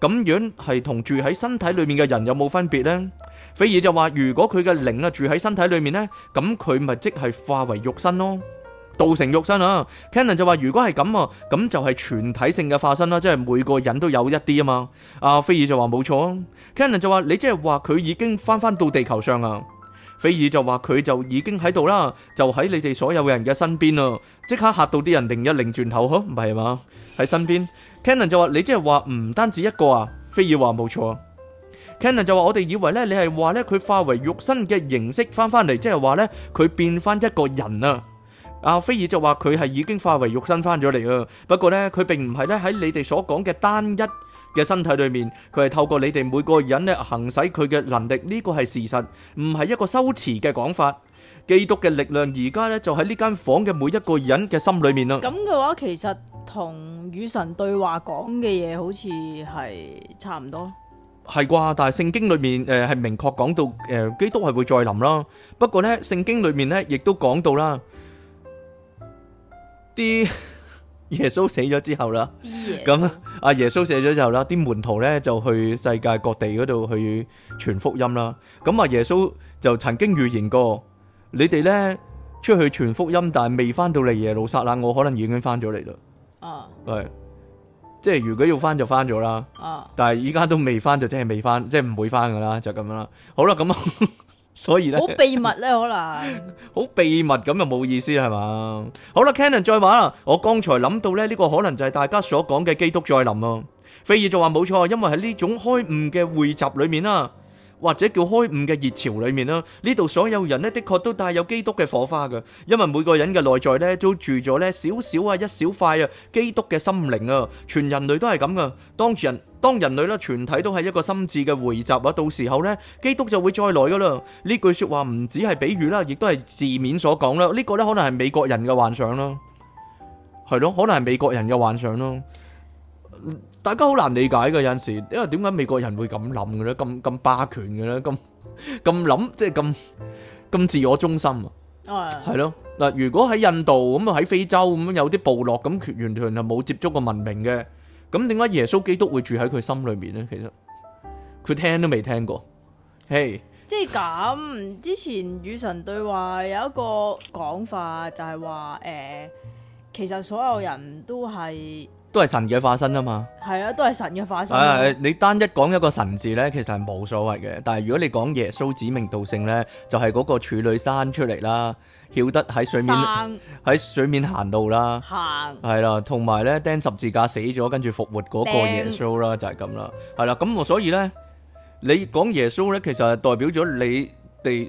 咁樣係同住喺身體裏面嘅人有冇分別呢？菲爾就話：如果佢嘅靈啊住喺身體裏面呢，咁佢咪即係化為肉身咯，道成肉身啊！Canon 就話：如果係咁啊，咁就係全體性嘅化身啦、啊，即係每個人都有一啲啊嘛！阿、啊、菲爾就話冇錯啊，Canon 就話：你即係話佢已經翻返到地球上啊？菲爾就話佢就已經喺度啦，就喺你哋所有人嘅身邊啊！即刻嚇到啲人，擰一擰轉頭嗬，唔係嘛？喺身邊。Cannon 就話你即係話唔單止一個啊！菲爾話冇錯。Cannon 就話我哋以為呢，你係話呢，佢化為肉身嘅形式翻返嚟，即係話呢，佢變翻一個人啊！阿菲爾就話佢係已經化為肉身翻咗嚟啊，不過呢，佢並唔係呢喺你哋所講嘅單一嘅身體裏面，佢係透過你哋每個人嚟行使佢嘅能力，呢個係事實，唔係一個修辭嘅講法。基督嘅力量而家呢就喺呢間房嘅每一個人嘅心裏面啦。咁嘅話，其實同與神對話講嘅嘢，好似係差唔多。係啩？但係聖經裏面誒係明確講到誒基督係會再臨囉。不過呢，聖經裏面呢亦都講到啦啲。耶穌死咗之後啦，咁阿，耶穌。耶穌死咗之後啦，啲門徒咧就去世界各地嗰度去傳福音啦。咁啊，耶穌就曾經預言過，你哋咧出去傳福音，但係未翻到嚟耶路撒冷，我可能已經翻咗嚟啦。啊，係，即係如果要翻就翻咗啦。啊，但係依家都未翻，就即係未翻，即係唔會翻噶啦，就咁樣啦。好啦，咁 所以咧，好秘密咧、啊，可能好 秘密咁又冇意思係嘛？好啦，Canon 再話啦，我剛才諗到咧，呢個可能就係大家所講嘅基督再臨咯。菲爾就話冇錯，因為喺呢種開悟嘅會集裏面啦。或者叫開悟嘅熱潮裏面啦，呢度所有人呢，的確都帶有基督嘅火花嘅，因為每個人嘅內在呢，都住咗呢少少啊，一小塊啊基督嘅心靈啊，全人類都係咁噶。當人，當人類啦，全體都係一個心智嘅回集啊，到時候呢，基督就會再來噶啦。呢句說話唔止係比喻啦，亦都係字面所講啦。呢個呢，可能係美國人嘅幻想咯，係咯，可能係美國人嘅幻想咯。大家好難理解嘅，有陣時，因為點解美國人會咁諗嘅咧？咁咁霸權嘅咧？咁咁諗，即係咁咁自我中心啊？係咯嗱？如果喺印度咁啊，喺非洲咁有啲部落咁佢完全係冇接觸過文明嘅，咁點解耶穌基督會住喺佢心裏面咧？其實佢聽都未聽過，嘿。即係咁，之前與神對話有一個講法，就係話誒，其實所有人都係。都係神嘅化身啊嘛，係啊，都係神嘅化身，啊。你單一講一個神字呢，其實係冇所謂嘅。但係如果你講耶穌指名道姓呢，就係，是，嗰個處女生出嚟啦，曉得喺水面喺生水面行路啦，行係啦，同埋，啊，呢釘十字架死咗跟住復活嗰個耶穌啦，就係咁啦，係啦，啊。咁，嗯，我所以呢，你講耶穌呢，其實係代表咗你哋。你你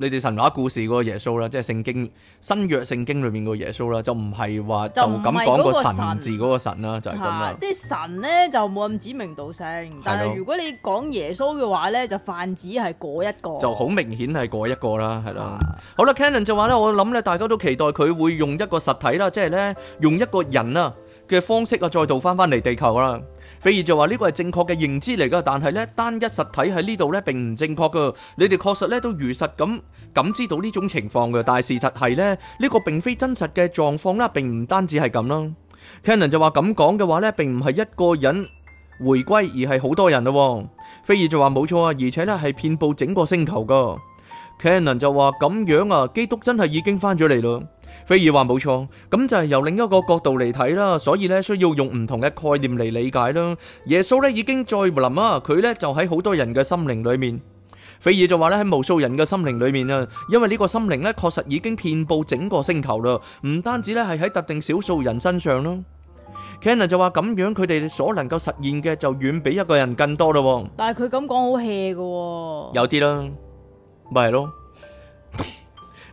你哋神話故事嗰個耶穌啦，即係聖經新約聖經裏面個耶穌啦，就唔係話就咁講個神字嗰個神啦，神就係咁啦。即係神咧就冇咁指名道姓，的但係如果你講耶穌嘅話咧，就泛指係嗰一個。就好明顯係嗰一個啦，係咯。的好啦，Cannon 就話咧，我諗咧大家都期待佢會用一個實體啦，即係咧用一個人啊嘅方式啊，再度翻翻嚟地球啦。菲爾就話呢個係正確嘅認知嚟㗎，但係咧單一實體喺呢度呢並唔正確㗎。你哋確實咧都如實咁感，感知到呢種情況㗎，但係事實係呢，呢個並非真實嘅狀況啦，並唔單止係咁啦。Canon 就話咁講嘅話呢，並唔係一個人回歸，而係好多人咯。菲爾就話冇錯啊，而且咧係遍佈整個星球㗎。Canon 就話咁樣啊，基督真係已經翻咗嚟咯。菲爾話冇錯，咁就係由另一個角度嚟睇啦，所以咧需要用唔同嘅概念嚟理解啦。耶穌咧已經再臨啊，佢咧就喺好多人嘅心靈裏面。菲爾就話咧喺無數人嘅心靈裏面啊，因為呢個心靈咧確實已經遍布整個星球啦，唔單止咧係喺特定少數人身上咯。Kenna 就話咁樣佢哋所能夠實現嘅就遠比一個人更多啦。但係佢咁講好 hea 㗎，有啲啦，咪係咯。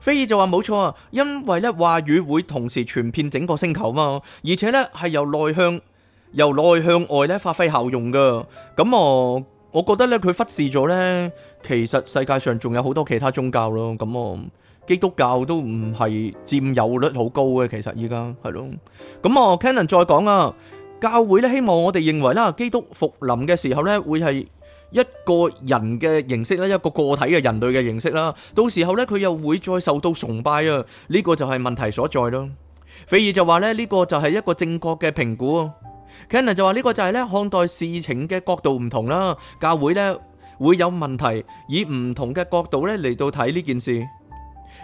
菲爾就話冇錯啊，因為咧話語會同時傳遍整個星球嘛，而且咧係由內向由內向外咧發揮效用㗎。咁、嗯、我我覺得咧佢忽視咗咧，其實世界上仲有好多其他宗教咯。咁、嗯、我基督教都唔係佔有率好高嘅，其實依家係咯。咁我 Cannon 再講啊，教會咧希望我哋認為啦，基督復臨嘅時候咧會係，一個人嘅形式咧，一個個體嘅人類嘅形式啦，到時候咧佢又會再受到崇拜啊！呢個就係問題所在咯。菲爾就話咧，呢個就係一個正確嘅評估。肯納就話呢個就係咧看待事情嘅角度唔同啦，教會咧會有問題，以唔同嘅角度咧嚟到睇呢件事。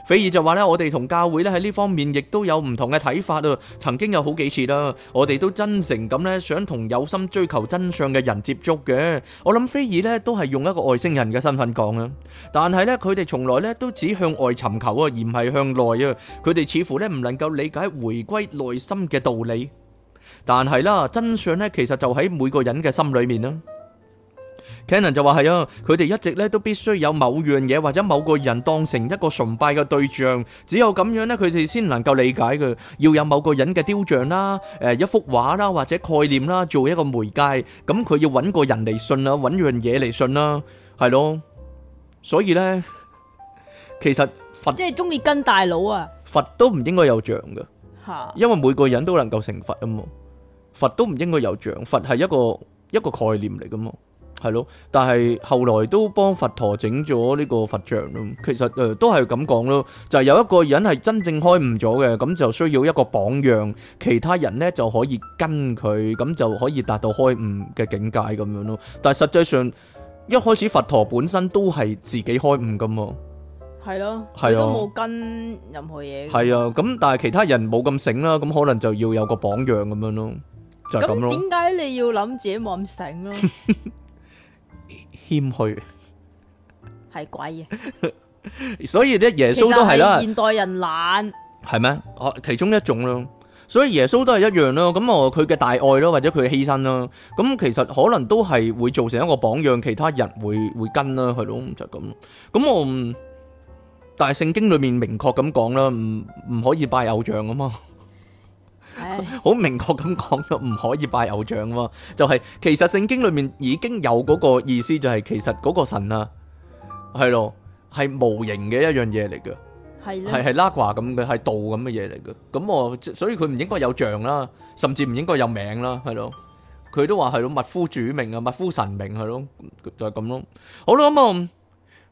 菲爾就話呢，我哋同教會咧喺呢方面亦都有唔同嘅睇法啊！曾經有好幾次啦，我哋都真誠咁呢，想同有心追求真相嘅人接觸嘅。我諗菲爾呢都係用一個外星人嘅身份講啊，但係呢，佢哋從來呢都只向外尋求啊，而唔係向內啊！佢哋似乎呢唔能夠理解回歸內心嘅道理。但係啦，真相呢其實就喺每個人嘅心裏面啦。Canon 就話係啊，佢哋一直咧都必須有某樣嘢或者某個人當成一個崇拜嘅對象，只有咁樣咧，佢哋先能夠理解嘅。要有某個人嘅雕像啦，誒一幅畫啦，或者概念啦，做一個媒介。咁佢要揾個人嚟信啊，揾樣嘢嚟信啦，係咯。所以咧，其實佛即係中意跟大佬啊，佛都唔應該有像噶吓，因為每個人都能夠成佛噶嘛，佛都唔應該有像，佛係一個一個概念嚟噶嘛。係咯，但係後來都幫佛陀整咗呢個佛像咯。其實誒都係咁講咯，就係有一個人係真正開悟咗嘅，咁就需要一個榜樣，其他人呢就可以跟佢，咁就可以達到開悟嘅境界咁樣咯。但係實際上一開始佛陀本身都係自己開悟噶嘛，係咯，佢都冇跟任何嘢。係啊，咁但係其他人冇咁醒啦，咁可能就要有個榜樣咁樣咯，就咁咯。咁點解你要諗自己冇咁醒咯？謙虛係鬼嘢，所以咧耶穌都係啦。現代人懶係咩？哦，其中一種咯。所以耶穌都係一樣咯。咁我佢嘅大愛咯，或者佢嘅犧牲咯，咁其實可能都係會造成一個榜樣，其他人會會跟咯，係咯，就咁。咁我唔，但係聖經裏面明確咁講啦，唔唔可以拜偶像㗎嘛。好明確咁講咗唔可以拜偶像喎，就係其實聖經裏面已經有嗰個意思，就係其實嗰個神啊，係咯，係無形嘅一樣嘢嚟嘅，係係拉華咁嘅，係道咁嘅嘢嚟嘅，咁我所以佢唔應該有像啦，甚至唔應該有名啦，係咯，佢都話係咯，勿夫主名啊，勿夫神名係咯，就係咁咯，好啦咁啊。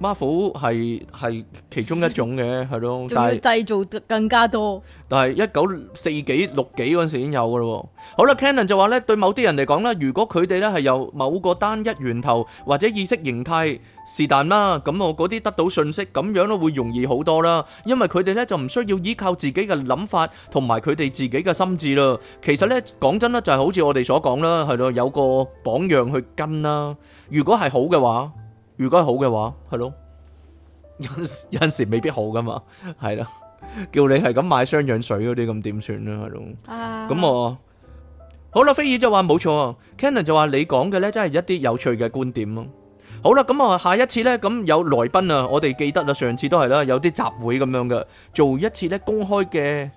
Marvel 係其中一種嘅，係咯，但係製造得更加多。但係一九四幾六幾嗰陣時已經有嘅咯。好啦，Canon 就話咧，對某啲人嚟講咧，如果佢哋咧係由某個單一源頭或者意識形態，是但啦，咁我嗰啲得到訊息，咁樣都會容易好多啦。因為佢哋咧就唔需要依靠自己嘅諗法同埋佢哋自己嘅心智啦。其實咧講真啦，就係好似我哋所講啦，係咯，有個榜樣去跟啦。如果係好嘅話。如果係好嘅話，係咯，有時有時未必好噶嘛，係啦，叫你係咁買雙氧水嗰啲，咁點算咧？係咯，咁、啊、我好啦，菲爾就話冇錯，Cannon 就話你講嘅咧，真係一啲有趣嘅觀點咯。好啦，咁我下一次咧，咁有來賓啊，我哋記得啊，上次都係啦，有啲集會咁樣嘅，做一次咧公開嘅。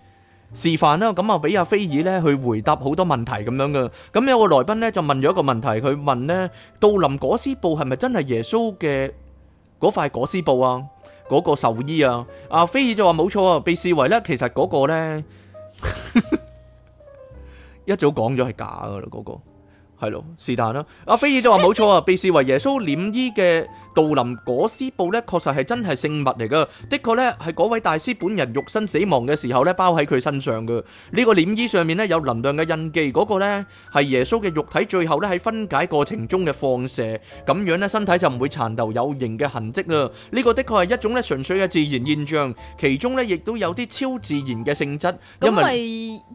示範啦，咁啊俾阿菲爾咧去回答好多問題咁樣嘅，咁有個來賓咧就問咗一個問題，佢問呢杜林裹屍布係咪真係耶穌嘅嗰塊裹屍布啊？嗰、嗰個壽衣啊？阿菲爾就話冇錯啊，被視為咧，其實嗰個咧 一早講咗係假噶啦嗰個。係咯，是但啦。阿菲爾就話冇錯啊，被視為耶穌殮衣嘅杜林裹屍布咧，確實係真係聖物嚟㗎。的確咧，係嗰位大師本人肉身死亡嘅時候咧，包喺佢身上嘅。呢個殮衣上面咧有能量嘅印記，嗰個咧係耶穌嘅肉體最後咧喺分解過程中嘅放射。咁樣咧身體就唔會殘留有形嘅痕跡啦。呢個的確係一種咧純粹嘅自然現象，其中咧亦都有啲超自然嘅性質。因為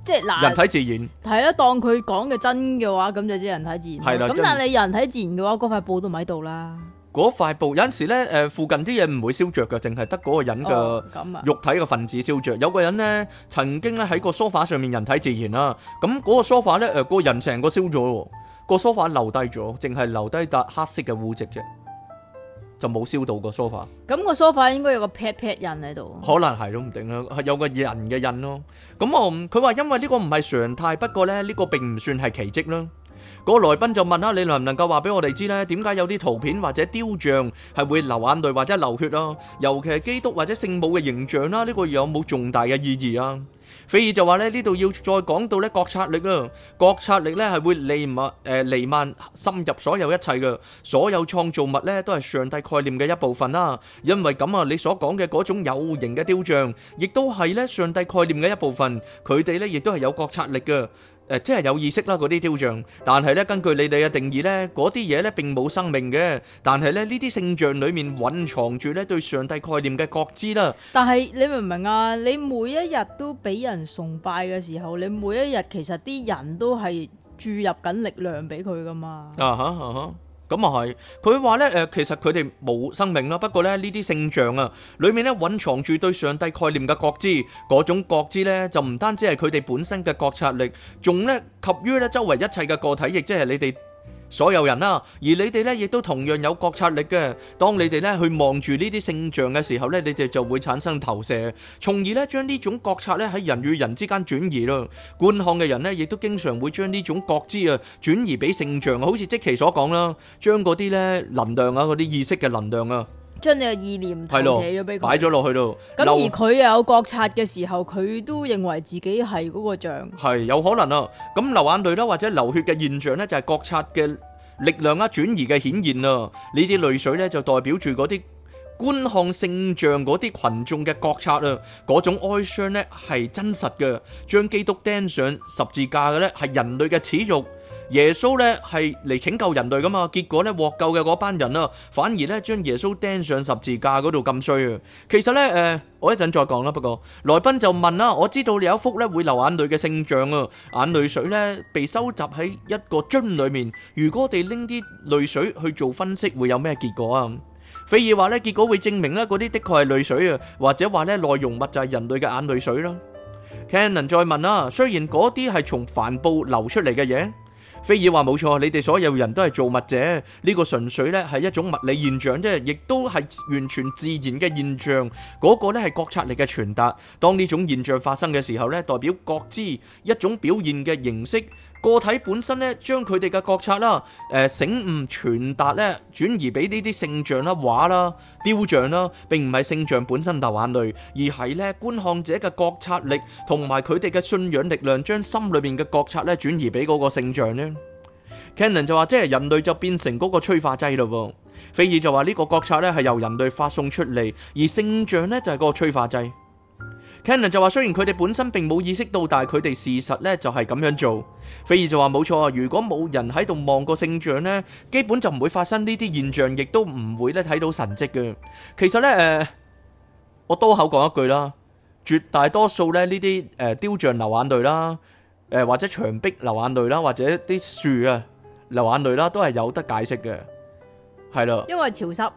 即係嗱，人體自然係啦，當佢講嘅真嘅話，咁就知。人體自然係啦，咁但係你人體自然嘅話，嗰塊、嗯、布都唔喺度啦。嗰塊布有陣時咧，誒、呃，附近啲嘢唔會燒着嘅，淨係得嗰個人嘅肉體嘅分子燒着。哦、有個人咧，曾經咧喺個梳化上面人體自然啦、啊，咁、嗯、嗰個梳化咧，誒、呃，人個人成個燒咗，個梳化留低咗，淨係留低笪黑色嘅污漬啫，就冇燒到個梳化。咁個梳化應該有個 pat pat 印喺度，可能係都唔定啦，有個人嘅印咯。咁我佢話因為呢個唔係常態，不過咧呢個並唔算係奇跡啦。個來賓就問啦、啊：你能唔能夠話俾我哋知呢？點解有啲圖片或者雕像係會流眼淚或者流血啊？尤其係基督或者聖母嘅形象啦、啊，呢、這個有冇重大嘅意義啊？菲爾就話咧：呢度要再講到咧覺察力啊！覺察力咧係會彌漫誒彌漫深入所有一切嘅，所有創造物咧都係上帝概念嘅一部分啦、啊。因為咁啊，你所講嘅嗰種有形嘅雕像，亦都係咧上帝概念嘅一部分，佢哋咧亦都係有覺察力嘅。即係有意識啦，嗰啲雕像。但係呢，根據你哋嘅定義呢，嗰啲嘢呢並冇生命嘅。但係呢，呢啲聖像裏面蘊藏住呢對上帝概念嘅覺知啦。但係你明唔明啊？你每一日都俾人崇拜嘅時候，你每一日其實啲人都係注入緊力量俾佢噶嘛。啊、uh huh, uh huh. 咁啊係，佢話咧，誒、呃，其實佢哋冇生命啦，不過咧呢啲聖像啊，裏面咧蘊藏住對上帝概念嘅覺知，嗰種覺知咧就唔單止係佢哋本身嘅覺察力，仲咧及於咧周圍一切嘅個體，亦即係你哋。所有人啦，而你哋咧亦都同樣有覺察力嘅。當你哋咧去望住呢啲聖像嘅時候咧，你哋就會產生投射，從而咧將呢種覺察咧喺人與人之間轉移咯。觀看嘅人咧，亦都經常會將呢種覺知啊轉移俾聖像，好似積奇所講啦，將嗰啲咧能量啊，嗰啲意識嘅能量啊。將你嘅意念投射咗俾佢，擺咗落去咯。咁而佢又有覺察嘅時候，佢都認為自己係嗰個像，係有可能啊。咁流眼淚啦，或者流血嘅現象咧，就係覺察嘅力量啊轉移嘅顯現啊。呢啲淚水咧，就代表住嗰啲觀看聖像嗰啲群眾嘅覺察啊，嗰種哀傷咧係真實嘅。將基督釘上十字架嘅咧，係人類嘅恥辱。耶穌咧係嚟拯救人類噶嘛？結果咧獲救嘅嗰班人啊，反而咧將耶穌釘上十字架嗰度咁衰啊。其實咧，誒，我一陣再講啦。不過來賓就問啦，我知道你有一幅咧會流眼淚嘅聖像啊，眼淚水咧被收集喺一個樽裏面。如果我哋拎啲淚水去做分析，會有咩結果啊？菲爾話咧，結果會證明咧嗰啲的確係淚水啊，或者話咧內容物就係人類嘅眼淚水啦。Cannon 再問啦，雖然嗰啲係從帆布流出嚟嘅嘢。菲爾話：冇錯，你哋所有人都係造物者。呢、這個純粹咧係一種物理現象，啫，亦都係完全自然嘅現象。嗰、這個咧係覺察力嘅傳達。當呢種現象發生嘅時候咧，代表覺知一種表現嘅形式。個體本身咧，將佢哋嘅覺察啦、誒、呃、醒悟傳達咧，轉移俾呢啲聖像啦、畫啦、雕像啦，並唔係聖像本身流眼淚，而係咧觀看者嘅覺察力同埋佢哋嘅信仰力量，將心裏面嘅覺察咧轉移俾嗰個聖像呢。Cannon 就話，即係人類就變成嗰個催化劑咯。菲爾就話，呢個覺察咧係由人類發送出嚟，而聖像咧就係、是、個催化劑。Kenan 就話：雖然佢哋本身並冇意識到，但係佢哋事實咧就係咁樣做。菲爾就話：冇錯啊，如果冇人喺度望個聖像咧，基本就唔會發生呢啲現象，亦都唔會咧睇到神跡嘅。其實咧，誒，我多口講一句啦，絕大多數咧呢啲誒雕像流眼淚啦，誒或者牆壁流眼淚啦，或者啲樹啊流眼淚啦，都係有得解釋嘅。係啦。因為潮濕。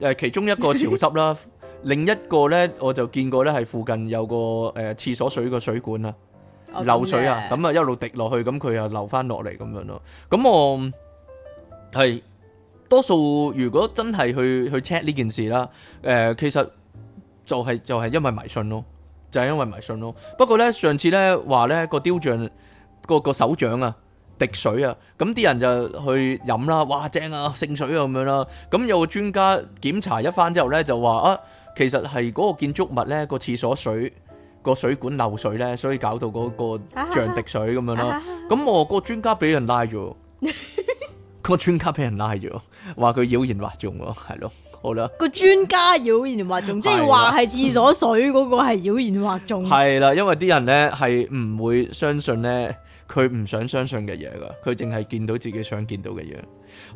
誒，其中一個潮濕啦。另一個呢，我就見過呢，係附近有個誒、呃、廁所水個水管啊，漏水啊，咁啊一路滴落去，咁佢又流翻落嚟咁樣咯。咁我係多數，如果真係去去 check 呢件事啦，誒、呃、其實就係、係、就係、係、因為迷信咯，就係、係、因為迷信咯。不過呢，上次呢話呢個雕像個個手掌啊。滴水啊，咁啲人就去飲啦，哇正啊，聖水咁、啊、樣啦、啊，咁有個專家檢查一番之後咧，就話啊，其實係嗰個建築物咧、個廁所水、個水管漏水咧，所以搞到嗰個像滴水咁樣咯、啊。咁我個專家俾人拉咗，個專家俾人拉咗，話佢妖言惑眾喎、啊，係咯，好啦，個專家妖言惑眾， 喏即係話係廁所水嗰個係妖言惑眾，係 啦，因為啲人咧係唔會相信咧。佢唔想相信嘅嘢㗎，佢淨係見到自己想見到嘅嘢。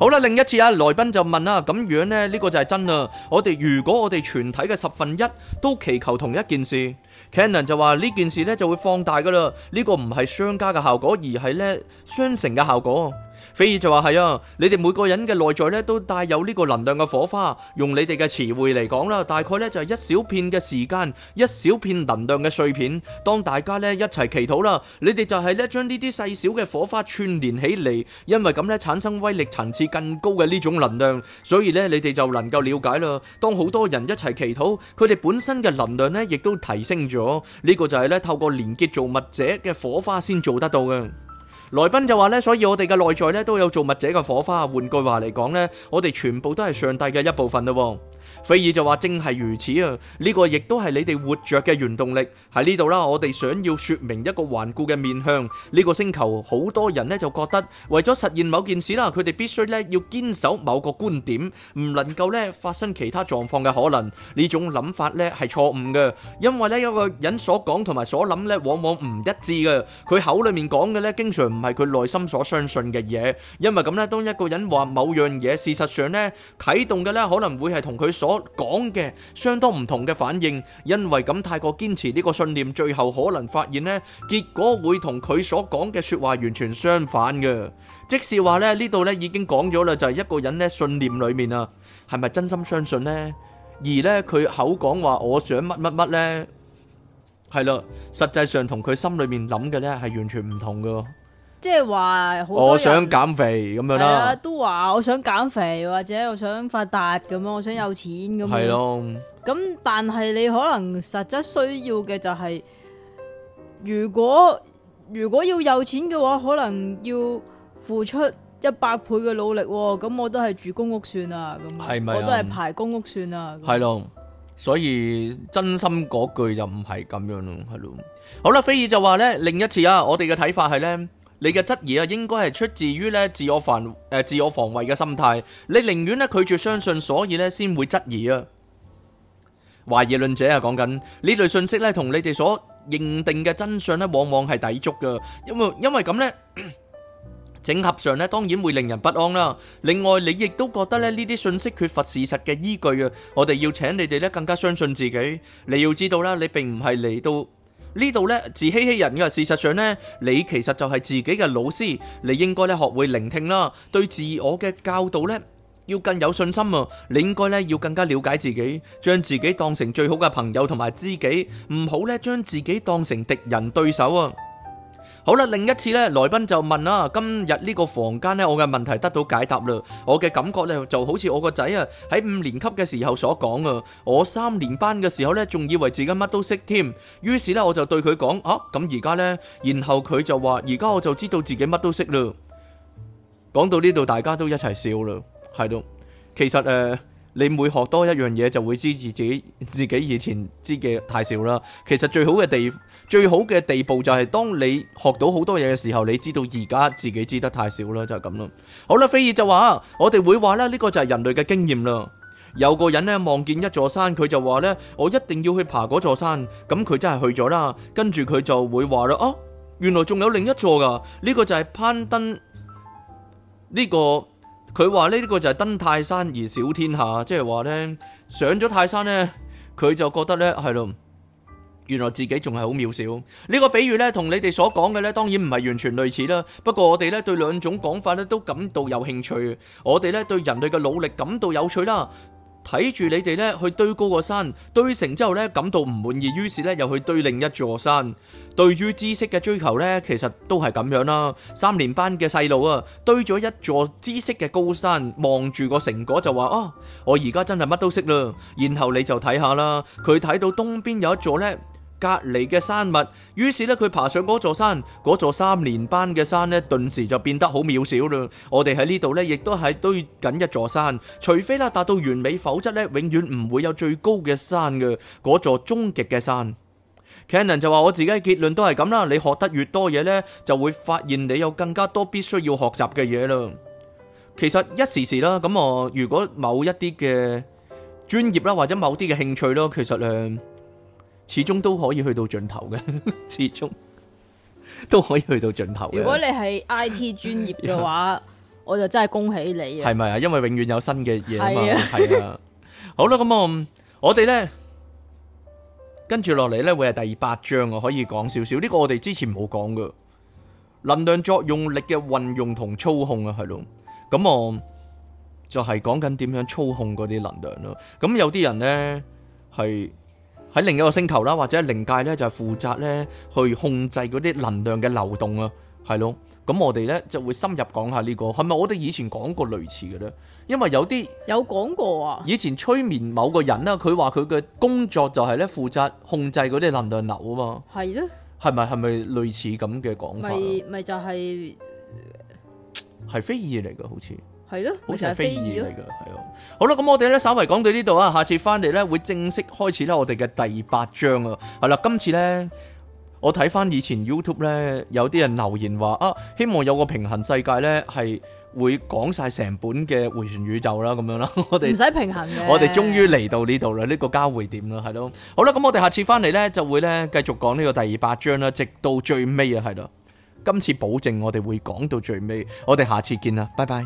好啦，另一次啊，來賓就問啦，咁樣呢？呢個就係真啦！我哋如果我哋全體嘅十分一都祈求同一件事 ，Cannon 就話呢件事呢就會放大㗎啦。呢、呢個唔係相加嘅效果，而係呢相乘嘅效果。菲爾就話係啊，你哋每個人嘅內在咧都帶有呢個能量嘅火花，用你哋嘅詞彙嚟講啦，大概咧就係一小片嘅時間，一小片能量嘅碎片。當大家咧一齊祈禱啦，你哋就係咧將呢啲細小嘅火花串聯起嚟，因為咁咧產生威力層次更高嘅呢種能量，所以咧你哋就能夠了解啦。當好多人一齊祈禱，佢哋本身嘅能量咧亦都提升咗，呢個就係咧透過連結造物者嘅火花先做得到嘅。來賓就話咧，所以我哋嘅內在咧都有造物者嘅火花。換句話嚟講咧，我哋全部都係上帝嘅一部分咯。菲爾就話：正係如此啊！呢個亦都係你哋活着嘅原動力喺呢度啦。我哋想要說明一個頑固嘅面向。呢個星球好多人咧就覺得，為咗實現某件事啦，佢哋必須咧要堅守某個觀點，唔能夠咧發生其他狀況嘅可能。呢種諗法咧係錯誤嘅，因為咧有個人所講同埋所諗咧往往唔一致嘅。佢口裏面講嘅咧，經常唔係佢內心所相信嘅嘢。因為咁咧，當一個人話某樣嘢，事實上咧啟動嘅咧可能會係同佢所講嘅相當唔同嘅反應，因為咁太過堅持呢個信念，最後可能發現咧，結果會同佢所講嘅說話完全相反嘅。即係話咧呢度咧已經講咗啦，就係一個人咧信念裏面啊，係咪真心相信咧？而咧佢口講話我想乜乜乜咧，係啦，實際上同佢心裏面諗嘅咧係完全唔同㗎。即係話好多人，我想減肥咁樣啦，都話我想減肥，或者我想發達咁咯，我想有錢咁。係咯，咁吧但係你可能實質需要嘅就係、是，如果如果要有錢嘅話，可能要付出一百倍嘅努力。咁我都係住公屋算啦，咁吧我都係排公屋算啦。係咯，所以真心嗰句就唔係咁樣咯。係咯，好啦，菲爾就話咧，另一次啊，我哋嘅睇法係咧。你嘅質疑啊，應該係出自於咧自我防、呃、自我防誒自我防衛嘅心態。你寧願咧拒絕相信，所以咧先會質疑啊。懷疑論者啊，講緊呢類信息咧，同你哋所認定嘅真相咧，往往係抵觸噶。因為因為咁咧 整合上咧，當然會令人不安啦。另外，你亦都覺得咧呢啲信息缺乏事實嘅依據啊。我哋要請你哋咧更加相信自己。你要知道啦，你並唔係嚟到呢度咧自欺欺人嘅，事實上咧你其實就係自己嘅老師，你應該咧學會聆聽啦，對自我嘅教導咧要更有信心啊！你應該咧要更加了解自己，將自己當成最好嘅朋友同埋知己，唔好咧將自己當成敵人對手啊！好啦，另一次呢，來賓就問啦，今日呢個房間呢，我嘅問題得到解答啦，我嘅感覺呢就好似我個仔啊喺五年級嘅時候所講啊，我三年班嘅時候呢仲以為自己乜都識添，於是呢我就對佢講啊，咁而家呢，然後佢就話而家我就知道自己乜都識嘞，講到呢度大家都一齊笑啦，係咯，其實誒。你每學多一樣嘢，就會知自己自己以前知嘅太少啦。其實最好嘅地最好嘅地步就係當你學到好多嘢嘅時候，你知道而家自己知得太少啦，就係咁啦。好啦，菲爾就話：我哋會話啦，呢個就係人類嘅經驗啦。有個人咧望見一座山，佢就話咧：我一定要去爬嗰座山。咁佢真係去咗啦。跟住佢就會話啦：哦，原來仲有另一座噶。呢個就係攀登呢個。佢話呢個就係登泰山而小天下，即係話呢上咗泰山呢，佢就覺得呢係咯，原來自己仲係好渺小。呢個比喻呢，同你哋所講嘅呢，當然唔係完全類似啦。不過我哋呢對兩種講法呢都感到有興趣。我哋呢對人類嘅努力感到有趣啦。睇住你哋咧去堆高個山，堆成之後咧感到唔滿意，於是咧又去堆另一座山。對於知識嘅追求咧，其實都係咁樣啦。三年班嘅細路啊，堆咗一座知識嘅高山，望住個成果就話：啊，我而家真係乜都識啦！然後你就睇下啦，佢睇到東邊有一座咧。隔籬嘅山脈，於是咧佢爬上嗰座山，嗰座三連班嘅山咧，頓時就變得好渺小啦。我哋喺呢度咧，亦都係堆緊一座山，除非啦達到完美，否則咧永遠唔會有最高嘅山嘅嗰座終極嘅山。Canon 就話：我自己嘅結論都係咁啦，你學得越多嘢咧，就會發現你有更加多必須要學習嘅嘢啦。其實一時時啦，咁我如果某一啲嘅專業啦，或者某啲嘅興趣咯，其實誒。始終都可以去到盡頭嘅，始終都可以去到盡頭。如果你係 I T 專業嘅話， 我就真係恭喜你啊！係咪啊？因為永遠有新嘅嘢嘛，係啊。好啦，咁我我哋咧跟住落嚟咧會係第二八章啊，我可以講少少。呢、這個我哋之前冇講嘅能量作用力嘅運用同操控啊，係咯。咁我就係、是、講緊點樣操控嗰啲能量咯。咁有啲人咧係。喺另一個星球啦，或者靈界咧，就係、是、負責咧去控制嗰啲能量嘅流動啊，係咯。咁我哋咧就會深入講下呢、這個，係咪我哋以前講過類似嘅咧？因為有啲有講過啊，以前催眠某個人啦，佢話佢嘅工作就係咧負責控制嗰啲能量流啊嘛，係咯的，係咪係咪類似咁嘅講法啊？咪就係、是、係非議嚟㗎，好似。係咯，好似係非議嚟噶，係咯。好啦，咁我哋咧，稍微講到呢度啊，下次翻嚟咧，會正式開始咧，我哋嘅第八章啊。係啦，今次咧，我睇翻以前 YouTube 咧，有啲人留言話啊，希望有個平衡世界咧，係會講晒成本嘅回旋宇宙啦，咁樣啦。我哋唔使平衡 我哋終於嚟到呢度啦，呢、這個交匯點啦，係咯。好啦，咁我哋下次翻嚟咧，就會咧繼續講呢個第二八章啦，直到最尾啊，係啦。今次保證我哋會講到最尾，我哋下次見啦，拜拜。